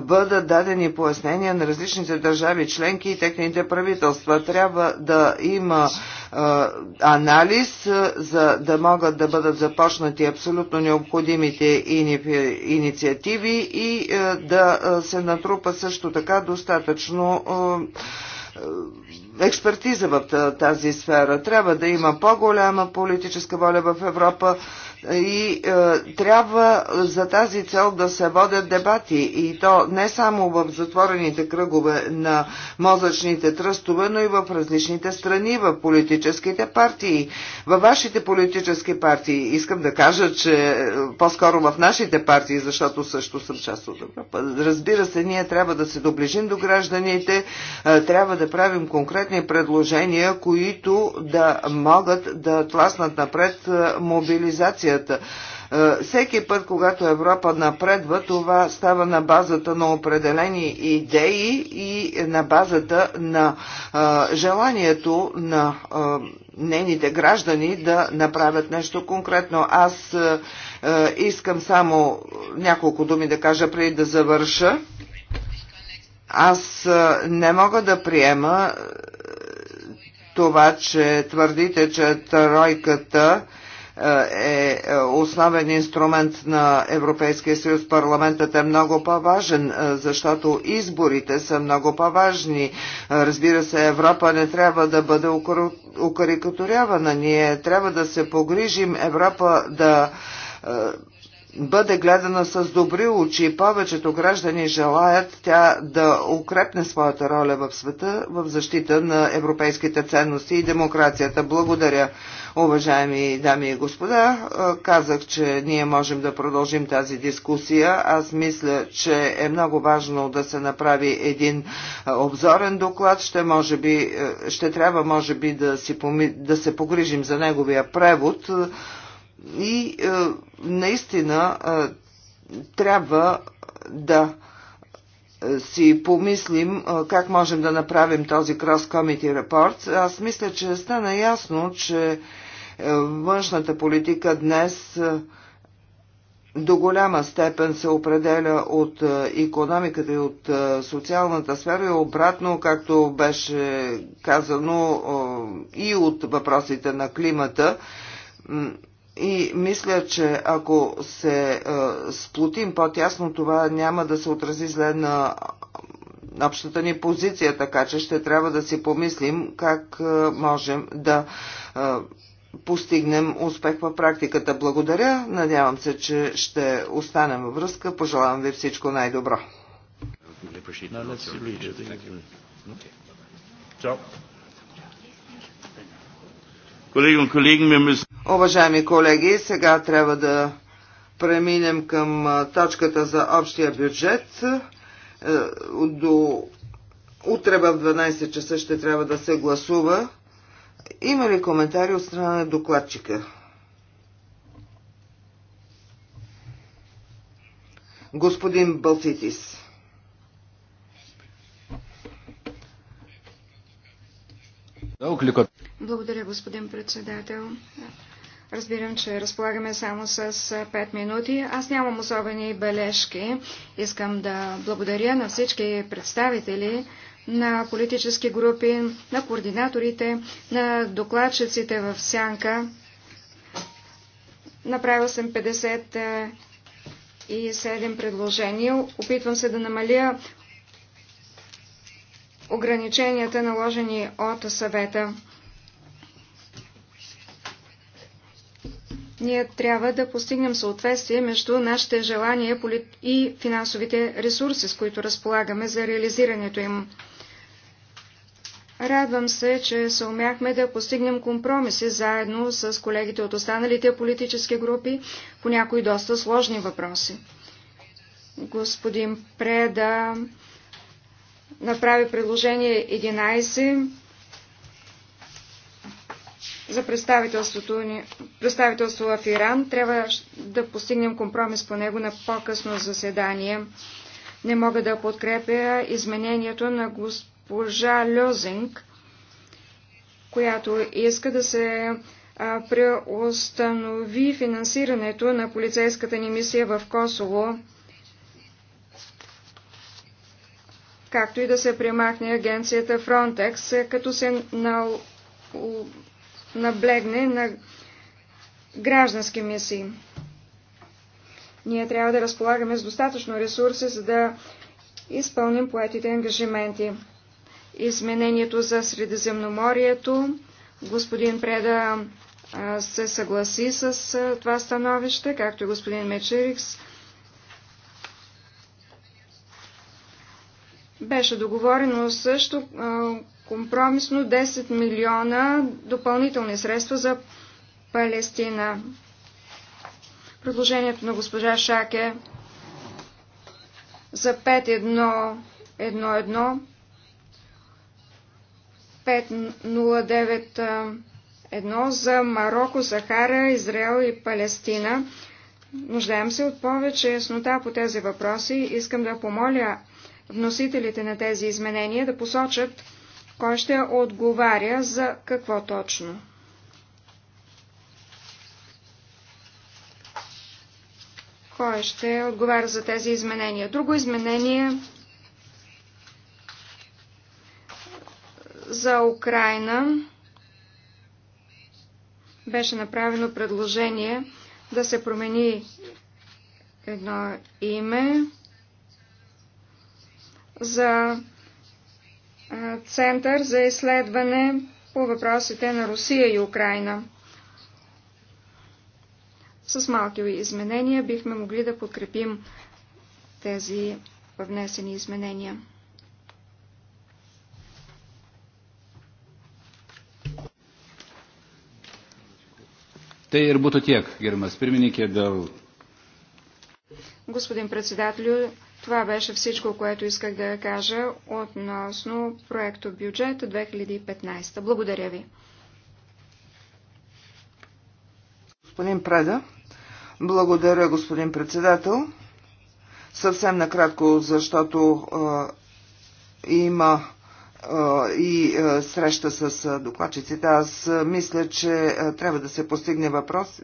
бъдат дадени пояснения на различните държави членки и техните правителства. Трябва да има е, анализ, за да могат да бъдат започнати абсолютно необходимите инициативи и да се натрупа също така достатъчно експертиза в тази сфера. Трябва да има по-голяма политическа воля в Европа и е, трябва за тази цел да се водят дебати и то не само в затворените кръгове на мозъчните тръстове, но и в различните страни, в политическите партии, във вашите политически партии. Искам да кажа, че е, по-скоро в нашите партии, защото също съм част от Европа. Разбира се, ние трябва да се доближим до гражданите, е, трябва да правим конкретни предложения, които да могат да тласнат напред е, мобилизация идеята. Е, всеки път, когато Европа напредва, това става на базата на определени идеи и на базата на е, желанието на е, нейните граждани да направят нещо конкретно. Аз искам само няколко думи да кажа преди да завърша. Аз не мога да приема това, че твърдите, че тройката е, е основен инструмент на Европейския съюз, парламентът е много по-важен, е, защото изборите са много по-важни. Е, разбира се, Европа не трябва да бъде укарикатурявана. Ние трябва да се погрижим Европа да бъде гледана с добри очи. Повечето граждани желаят тя да укрепне своята роля в света в защита на европейските ценности и демокрацията. Благодаря. Уважаеми дами и господа, е, казах, че ние можем да продължим тази дискусия. Аз мисля, че е много важно да се направи един е, обзорен доклад. Ще, може би, е, ще трябва, може би, да, си, да се погрижим за неговия превод. И наистина трябва да си помислим как можем да направим този крос Committee репорт. Аз мисля, че стана ясно, че е, външната политика днес е, до голяма степен се определя от економиката и от е, социалната сфера и обратно, както беше казано и от въпросите на климата. И мисля, че ако се сплотим по-тясно, това няма да се отрази зле на общата ни позиция, така че ще трябва да си помислим как можем да постигнем успех в практиката. Благодаря. Надявам се, че ще останем във връзка. Пожелавам ви всичко най-добро. Уважаеми колеги, сега трябва да преминем към точката за общия бюджет. Е, до утре в 12 часа ще трябва да се гласува. Има ли коментари от страна на докладчика? Господин Балцитис. Благодаря, господин председател. Разбирам, че разполагаме само с 5 минути. Аз нямам особени бележки. Искам да благодаря на всички представители на политически групи, на координаторите, на докладчиците в сянка. Направил съм 57 предложения. Опитвам се да намаля ограниченията, наложени от съвета. Ние трябва да постигнем съответствие между нашите желания и финансовите ресурси, с които разполагаме за реализирането им. Радвам се, че се умяхме да постигнем компромиси заедно с колегите от останалите политически групи по някои доста сложни въпроси. Господин Преда направи предложение 11 за представителството, ни, представителство в Иран. Трябва да постигнем компромис по него на по-късно заседание. Не мога да подкрепя изменението на господин госпожа Льозинг, която иска да се преустанови финансирането на полицейската ни мисия в Косово, както и да се примахне агенцията Frontex, като се наблегне на граждански мисии. Ние трябва да разполагаме с достатъчно ресурси, за да изпълним поетите ангажименти изменението за Средиземноморието. Господин Преда се съгласи с това становище, както и господин Мечерикс. Беше договорено също компромисно 10 милиона допълнителни средства за Палестина. Предложението на госпожа Шаке за 5-1-1-1 509.1 за Марокко, Сахара, Израел и Палестина. Нуждаем се от повече яснота по тези въпроси. Искам да помоля вносителите на тези изменения да посочат кой ще отговаря за какво точно. Кой ще отговаря за тези изменения? Друго изменение За Украина беше направено предложение да се промени едно име за Център за изследване по въпросите на Русия и Украина. С малки изменения бихме могли да подкрепим тези внесени изменения. Tai ir būtų tiek, gerimas pirmininkė, dėl. Господин председателю, това беше всичко, което исках да кажа относно проекто бюджет 2015. Благодаря ви. Господин Преда, благодаря, господин председател. Съвсем накратко, защото е, има и среща с докладчиците. Аз мисля, че трябва да се постигне въпрос,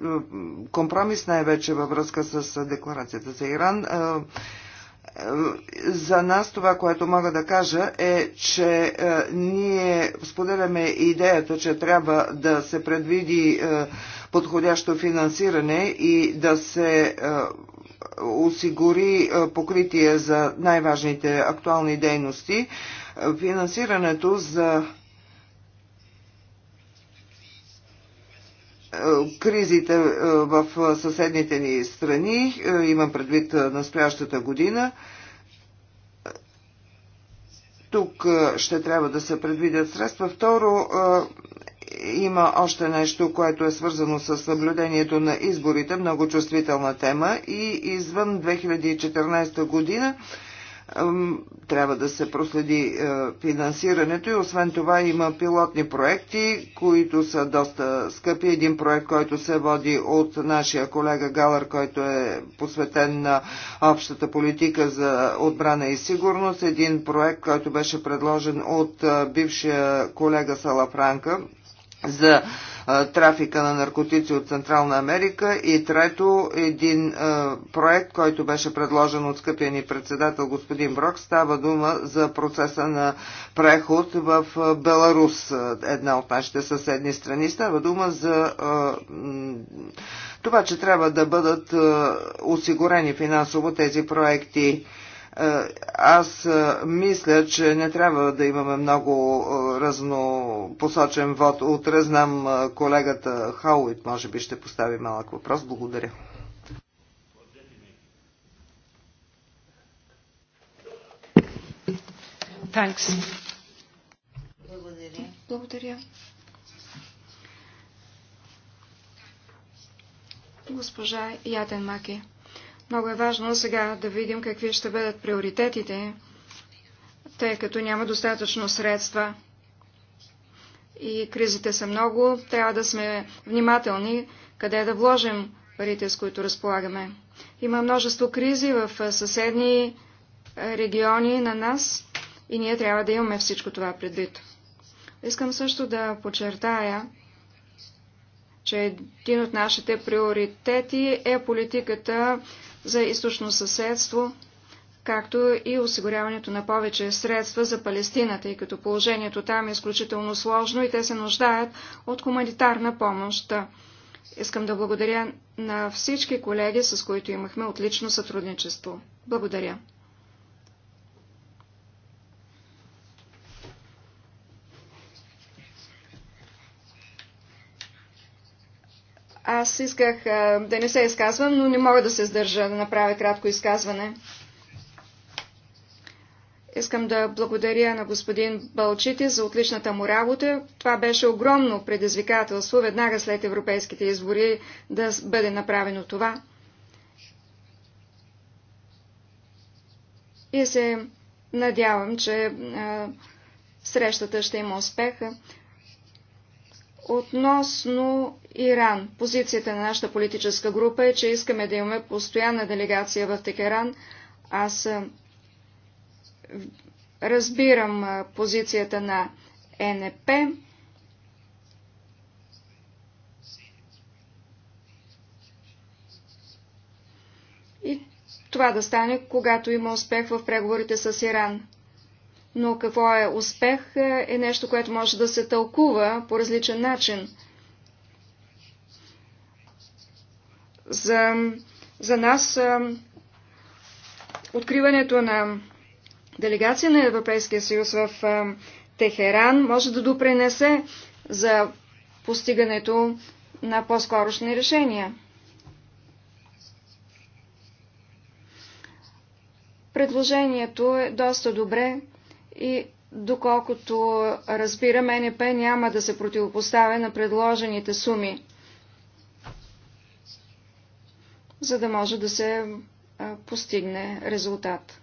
компромис най-вече във връзка с декларацията за Иран. За нас това, което мога да кажа е, че ние споделяме идеята, че трябва да се предвиди подходящо финансиране и да се е, осигури е, покритие за най-важните актуални дейности. Е, финансирането за кризите в съседните ни страни, имам предвид настоящата година, тук ще трябва да се предвидят средства. Второ, има още нещо, което е свързано с наблюдението на изборите, много чувствителна тема и извън 2014 година трябва да се проследи е, финансирането и освен това има пилотни проекти, които са доста скъпи. Един проект, който се води от нашия колега Галър, който е посветен на общата политика за отбрана и сигурност. Един проект, който беше предложен от е, бившия колега Сала Франка за трафика на наркотици от Централна Америка и трето един проект, който беше предложен от скъпия ни председател господин Брок, става дума за процеса на преход в Беларус, една от нашите съседни страни. Става дума за това, че трябва да бъдат осигурени финансово тези проекти. Е, аз е, мисля, че не трябва да имаме много е, разнопосочен вод. Утре знам колегата Хауит, може би ще постави малък въпрос. Благодаря. Thanks. Благодаря. Благодаря. Госпожа Яден Маки. Много е важно сега да видим какви ще бъдат приоритетите, тъй като няма достатъчно средства и кризите са много, трябва да сме внимателни къде да вложим парите, с които разполагаме. Има множество кризи в съседни региони на нас и ние трябва да имаме всичко това предвид. Искам също да подчертая, че един от нашите приоритети е политиката за източно съседство, както и осигуряването на повече средства за Палестина, тъй като положението там е изключително сложно и те се нуждаят от хуманитарна помощ. Искам да благодаря на всички колеги, с които имахме отлично сътрудничество. Благодаря. Аз исках а, да не се изказвам, но не мога да се сдържа да направя кратко изказване. Искам да благодаря на господин Балчити за отличната му работа. Това беше огромно предизвикателство веднага след европейските избори да бъде направено това. И се надявам, че а, срещата ще има успеха. Относно Иран, позицията на нашата политическа група е, че искаме да имаме постоянна делегация в Текеран. Аз разбирам позицията на НП. И това да стане, когато има успех в преговорите с Иран но какво е успех е, е нещо, което може да се тълкува по различен начин. За, за нас е, откриването на делегация на Европейския съюз в е, Техеран може да допренесе за постигането на по-скорошни решения. Предложението е доста добре и доколкото разбирам, НП няма да се противопоставя на предложените суми, за да може да се постигне резултат.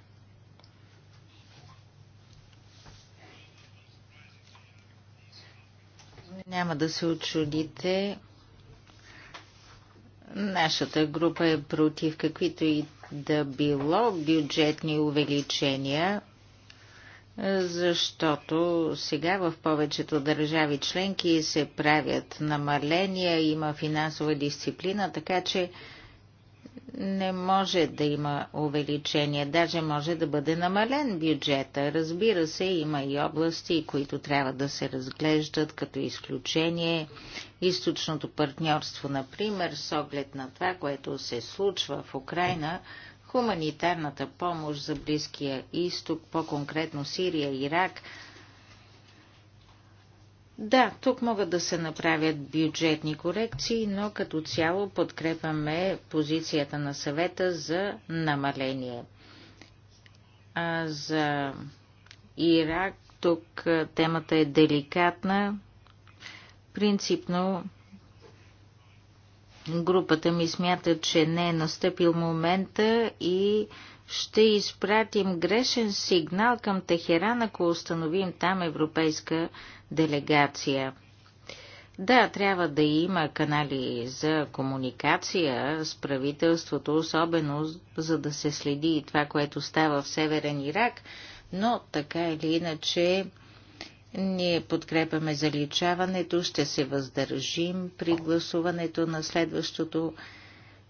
Няма да се очудите. Нашата група е против каквито и да било бюджетни увеличения защото сега в повечето държави членки се правят намаления, има финансова дисциплина, така че не може да има увеличение, даже може да бъде намален бюджета. Разбира се, има и области, които трябва да се разглеждат като изключение. Източното партньорство, например, с оглед на това, което се случва в Украина, хуманитарната помощ за Близкия изток, по-конкретно Сирия, и Ирак. Да, тук могат да се направят бюджетни корекции, но като цяло подкрепаме позицията на съвета за намаление. А за Ирак тук темата е деликатна. Принципно Групата ми смята, че не е настъпил момента и ще изпратим грешен сигнал към Техеран, ако установим там европейска делегация. Да, трябва да има канали за комуникация с правителството, особено за да се следи и това, което става в Северен Ирак, но така или иначе ние подкрепяме заличаването, ще се въздържим при гласуването на следващото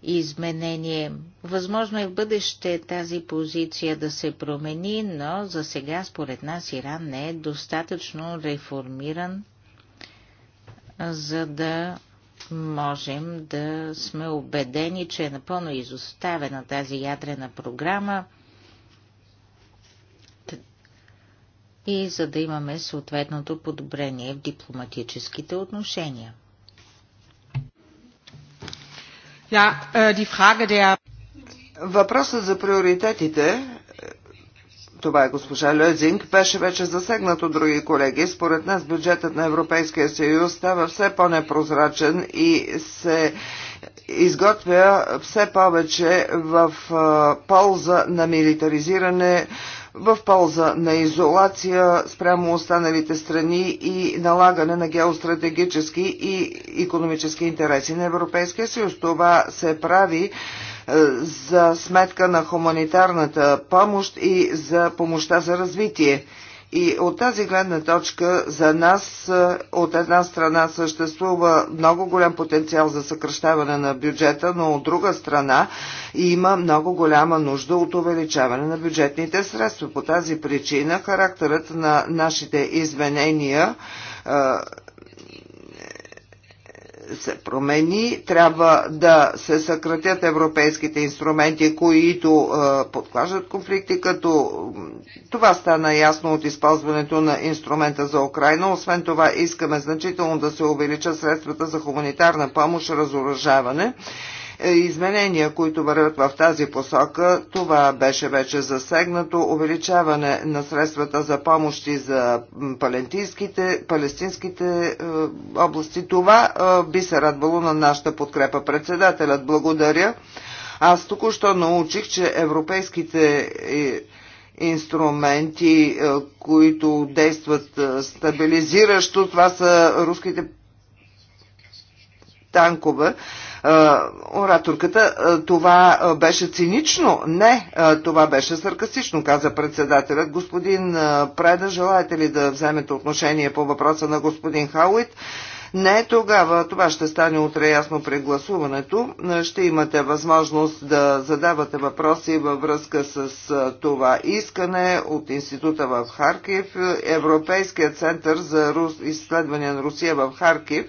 изменение. Възможно е в бъдеще тази позиция да се промени, но за сега според нас Иран не е достатъчно реформиран, за да можем да сме убедени, че е напълно изоставена тази ядрена програма – и за да имаме съответното подобрение в дипломатическите отношения. Ja, äh, die Frage der... Въпросът за приоритетите това е госпожа Лезинг, беше вече засегнато други колеги. Според нас бюджетът на Европейския съюз става все по-непрозрачен и се изготвя все повече в полза на милитаризиране в полза на изолация спрямо останалите страни и налагане на геостратегически и економически интереси на Европейския съюз. Това се прави е, за сметка на хуманитарната помощ и за помощта за развитие. И от тази гледна точка за нас е, от една страна съществува много голям потенциал за съкръщаване на бюджета, но от друга страна има много голяма нужда от увеличаване на бюджетните средства. По тази причина характерът на нашите изменения е, се промени, трябва да се съкратят европейските инструменти, които подклажат е, подклаждат конфликти, като това стана ясно от използването на инструмента за Украина. Освен това искаме значително да се увеличат средствата за хуманитарна помощ, разоръжаване изменения, които вървят в тази посока. Това беше вече засегнато. Увеличаване на средствата за помощи за палестинските, палестинските области. Това е, би се радвало на нашата подкрепа. Председателят, благодаря. Аз току-що научих, че европейските е, инструменти, е, които действат стабилизиращо, това са руските танкове. Е, ораторката, е, това е, беше цинично? Не, това беше саркастично, каза председателят. Господин Преда, желаете ли да вземете отношение по въпроса на господин Хауит? Не, тогава това ще стане утре ясно при гласуването. Ще имате възможност да задавате въпроси във връзка с това искане от института в Харкив, Европейския център за изследвания на Русия в Харкив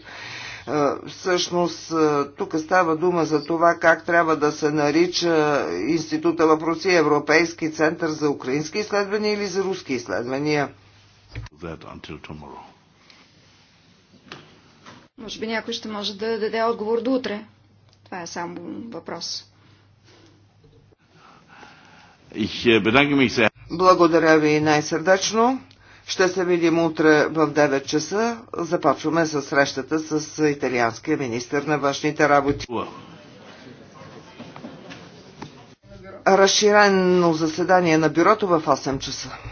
е, всъщност, е, тук става дума за това как трябва да се нарича Института в Русия Европейски център за украински изследвания или за руски изследвания. Може би някой ще може да даде отговор до утре. Това е само въпрос. Е, Благодаря ви най-сърдечно. Ще се видим утре в 9 часа. Започваме с срещата с италианския министр на външните работи. Разширено заседание на бюрото в 8 часа.